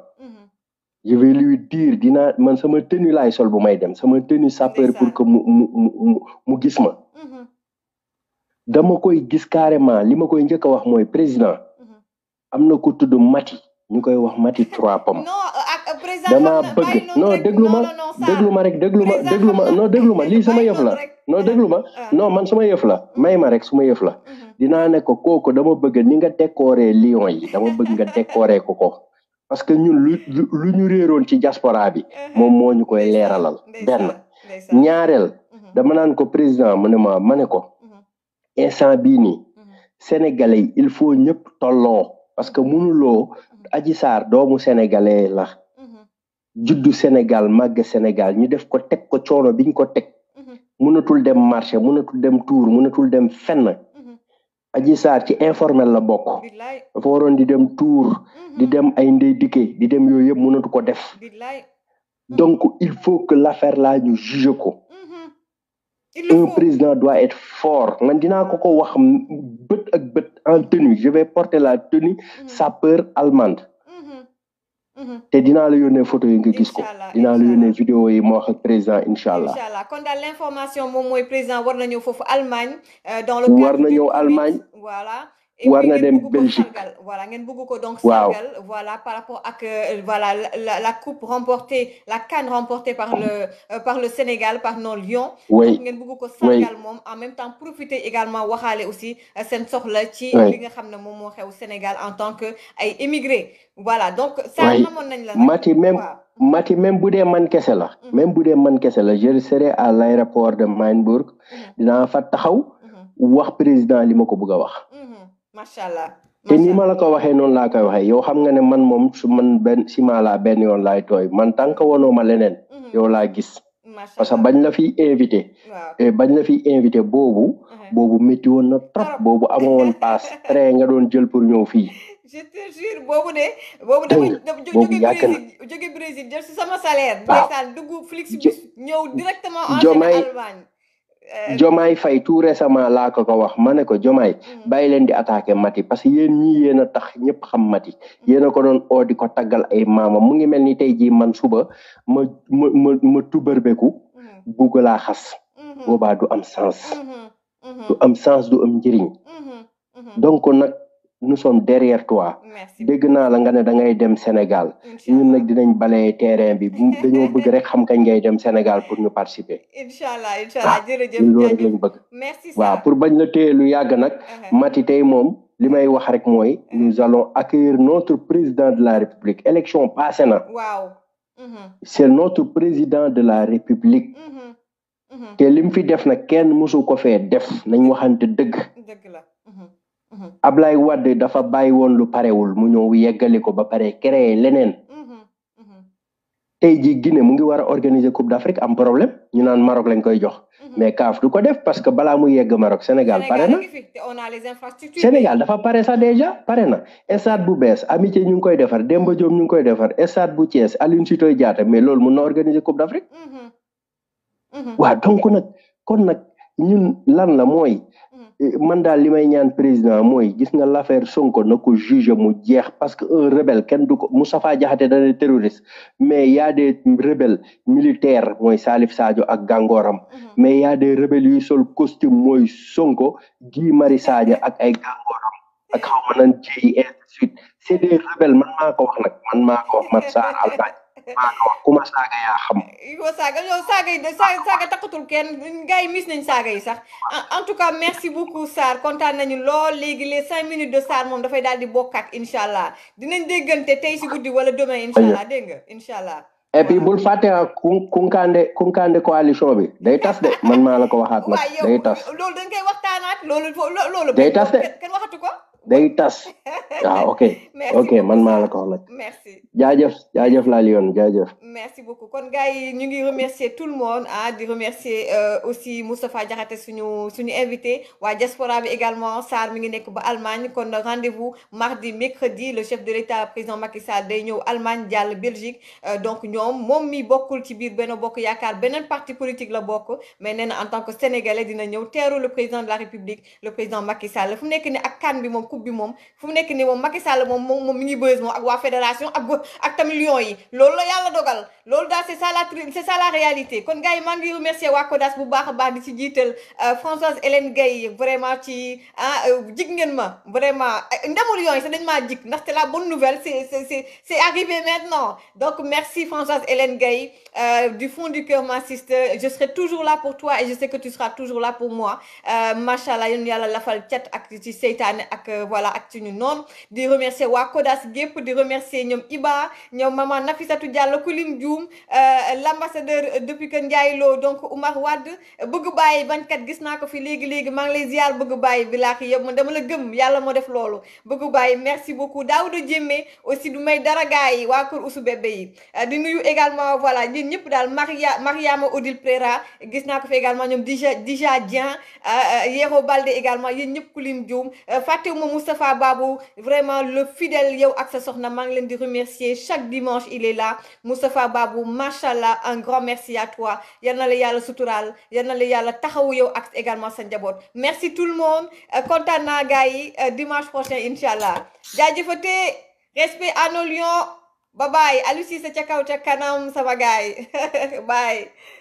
je vais lui dire dinaa man sama tenue laay sol bu may dem sama tenue sapeur pour que mu mu mu mu gis ma dama koy gis carrément li ma koy njëkk a wax mooy président am na ko tudd Mati ñu koy wax Mati trois pom dama bëgg non déglu ma déglu ma rek déglu ma déglu ma non déglu ma lii sama yëf la non déglu ma ah. non man suma yëf la may ma rek suma yëf la mhm. dinaa ne ko kooku dama bëgg ni nga décorer lion yi dama bëgg nga décorer ko ko parce que ñun lu lu ñu réeroon ci jaspora bi mhm. moom moo ñu koy leeralal benn ñaareel mhm. dama naan ko président ma ne ma ma ne ko instant bii nii sénégalais il faut ñëpp tolloo parce que mënuloo aji saar doomu sénégalais la juddu Sénégal màgg Sénégal ñu def ko teg ko coono biñ ko teg mhm. mënatul dem marché mënatul dem tour mënatul dem fenn mhm. aji Sarr ci informel la bokk dafa waroon di dem tour mhm. di dem ay ndey dikkee di dem yooyu yëpp mënatu ko def donc il faut que l'affaire là ñu juge ko un président doit être fort man dinaa ko ko wax bët ak bët en tenue je vais porter la tenue sappeur allemande Mm-hmm. te dinaa la yónnee photo yi gis ko. dinaa la yónnee vidéo yi ma wax ak président incha allah. incha daal l' information moom mooy président war na Allemagne. Euh, dans le Allemagne voilà. war na dem Belgique voilà ngeen bëgg ko donc sargal voilà par rapport ak euh, voilà la coupe remportée la CAN remportée par le euh, par Sénégal par nos Lions ngeen bëgg ko sargal moom en même temps profiter également waxaale aussi euh, seen soxla ci li nga xam ne moom moo xew Sénégal en tant que ay émigré voilà donc ça namoon nañ la mati même mati même bu dee man kese la mm-hmm. même bu dee man kese la je serai à l'aéroport de Mainbourg mm-hmm. na fa taxaw mm-hmm. wax président li ma ko bëgg a wax macha allah te ni ma la ko waxee noonu laa koy waxee yow xam nga ne man moom su man benn si maa benn yoon laay tooy man tant que wanoo ma leneen mhm. yow laa gis parce que bañ la fi invité eh, bañ la fi invité boobu uh-huh. boobu métti woon na trop boobu amoo woon paas [laughs] train nga doon jël pour ñëw fii je te jure boobu de boobu dama jóge Brésil jóge ñëw Eh, Jomaay Faye tout récemment laa ko ko wax ma ne ko Jomaay mm. bàyyi leen di attaqué Mati parce que yéen ñii yéen a tax ñëpp xam Mati mm. yéen a ko doon oo di ko taggal ay maama mu ngi mel ni tey jii man suba ma ma ma ma tubërbeku mm. bugg laa xas mm-hmm. boobaa du am sance mm-hmm. mm-hmm. du am sens du am njëriñ donc nag nous sommes derrière toi dégg naa la nga ne da ngay dem Sénégal ñun nag dinañ balee terrain bi [laughs] dañoo bëgg rek xam kañ ngay dem Sénégal pour ñu participer. incha allah incha waaw pour bañ la téye lu yàgg nag. Uh-huh. Mati tey moom li may wax rek mooy. Uh-huh. nous allons accueillir notre président de la République élection passée na. waaw. Uh-huh. c'est notre président de la République. te lim fi def nag kenn mësu ko fee def nañ waxante dëgg. dëgg Mm-hmm. Ablaye Wade dafa bàyyi woon lu parewul mu ñëw yeggali ko ba pare créer leneen mm-hmm. Mm-hmm. tey jii ne mu ngi war a organiser Coupe d'Afrique am problème ñu naan Maroc lañ koy jox mais ka du ko def parce que balaa mu yegg Maroc Sénégal pare na Sénégal dafa pare sax déjà pare na stade bu bees amitié ñu ngi koy defar Demba Diop ñu ngi koy defar stade bu Thiès Aline Sitoé Diatta mais loolu mun na organiser Coupe d'Afrique waaw tonk nag kon nag ñun lan la mooy man daal li may ñaan président mooy gis nga l'affaire Sonko na ko juge mu jeex parce que un rebelle kenn du ko Moustapha Diakhaté dana terroriste mais yaade a militaire rebelles mooy Salif Sadio ak gàngooram mhm. mais y a sol costume mooy Sonko Guy Marius Sagna ak ay gàngooram ak xaw ma nan jiyi ainsi suite c'est des rebelles man maa wax nag man maa wax man Sarr Albañ ku ma saaga yaa xam. yow saaga yi de saaga takkatul kenn gars yi mis nañ saaga yi sax en tout cas merci beaucoup Sarr kontaan nañu lool léegi les cinq minutes de Sarr moom dafay daal di bokkaat incha allah dinañ déggante tey si guddi wala demain incha allah dégg nga incha allah. et puis bul fàtte ah, ku coalition bi day tas de man maa la ko waxaat nag day tas loolu dañ koy waxtaanaat loolu loolu. day tas de kenn waxatu ko. day tas waaw [laughs] ah, ok. merci ok man maa la ko wax nag. merci jaajëf jaajëf laa Lyon jaajëf. merci beaucoup kon gars yi ñu ngi remercier tout le monde ah di remercier euh, aussi Moustapha Diakhaté suñu suñu invité waa diaspora bi également Sarr mi ngi nekk ba Allemagne kon rendez-vous mardi mercredi le chef de l'État président Macky Sall day ñëw Allemagne jàll Belgique euh, donc ñoom moom mi bokkul ci biir benn bokk yaakaar beneen parti politique la bokk mais nee en tant que sénégalais dina ñëw teeru le président de la République le président Macky Sall fu mu nekk ni ak kan bi moom coupe moom moom moom ak waa fédération ak tamit lion yi loolu la yàlla dogal loolu daal c'est ça la c'est ça la réalité kon gars yi maa remercier waa CODAS bu baax a baax di ci jiital euh, Françoise Hélène Guèye vraiment ci ah euh, ngeen ma vraiment ndamu lion yi sax dañ maa jig ndaxte la bonne nouvelle c'est c'est c'est arrivé maintenant donc merci Françoise Hélène Guèye euh, du fond du cœur ma sister je serai toujours là pour toi et je sais que tu seras toujours là pour ak ci seytaane ak voilà waa CODAS gépp di remercier ñoom Iba ñoom maman Nafisatou Diallo Kulim Dioum euh, l'ambassadeur depuis que Ndiaye Lo donc Oumar Wade bëgg bàyyi kat gis naa ko fi léegi léegi maa ngi lay ziar bëgg bàyyi bi laax yëpp man dama la gëm yàlla moo def loolu bëgg bàyyi merci beaucoup Daouda Diémé aussi du may dara gaa yi waa kër Ousou Bébé yi euh, di nuyu également voilà ñun ñëpp daal Maria Mariama Odile Préra gis naa ko fi également ñoom Dija Dija Dieng euh, Yero Balde également yéen ñëpp Kulim Dioum fàttewuma Moustapha Babou vraiment fidèle yow ak sa soxna maa leen di remercier chaque dimanche il est là Moustapha Babou machallah un grand merci à toi yal na la yàlla suturaal yal la yàlla taxawu yow ak sa njaboot merci tout le monde euh, kontaan naa gars yi euh, dimanche prochain incha allah jaajëfate respect à nos lions bye bye Aliou ca kaw ca kanam sama gars yi [laughs]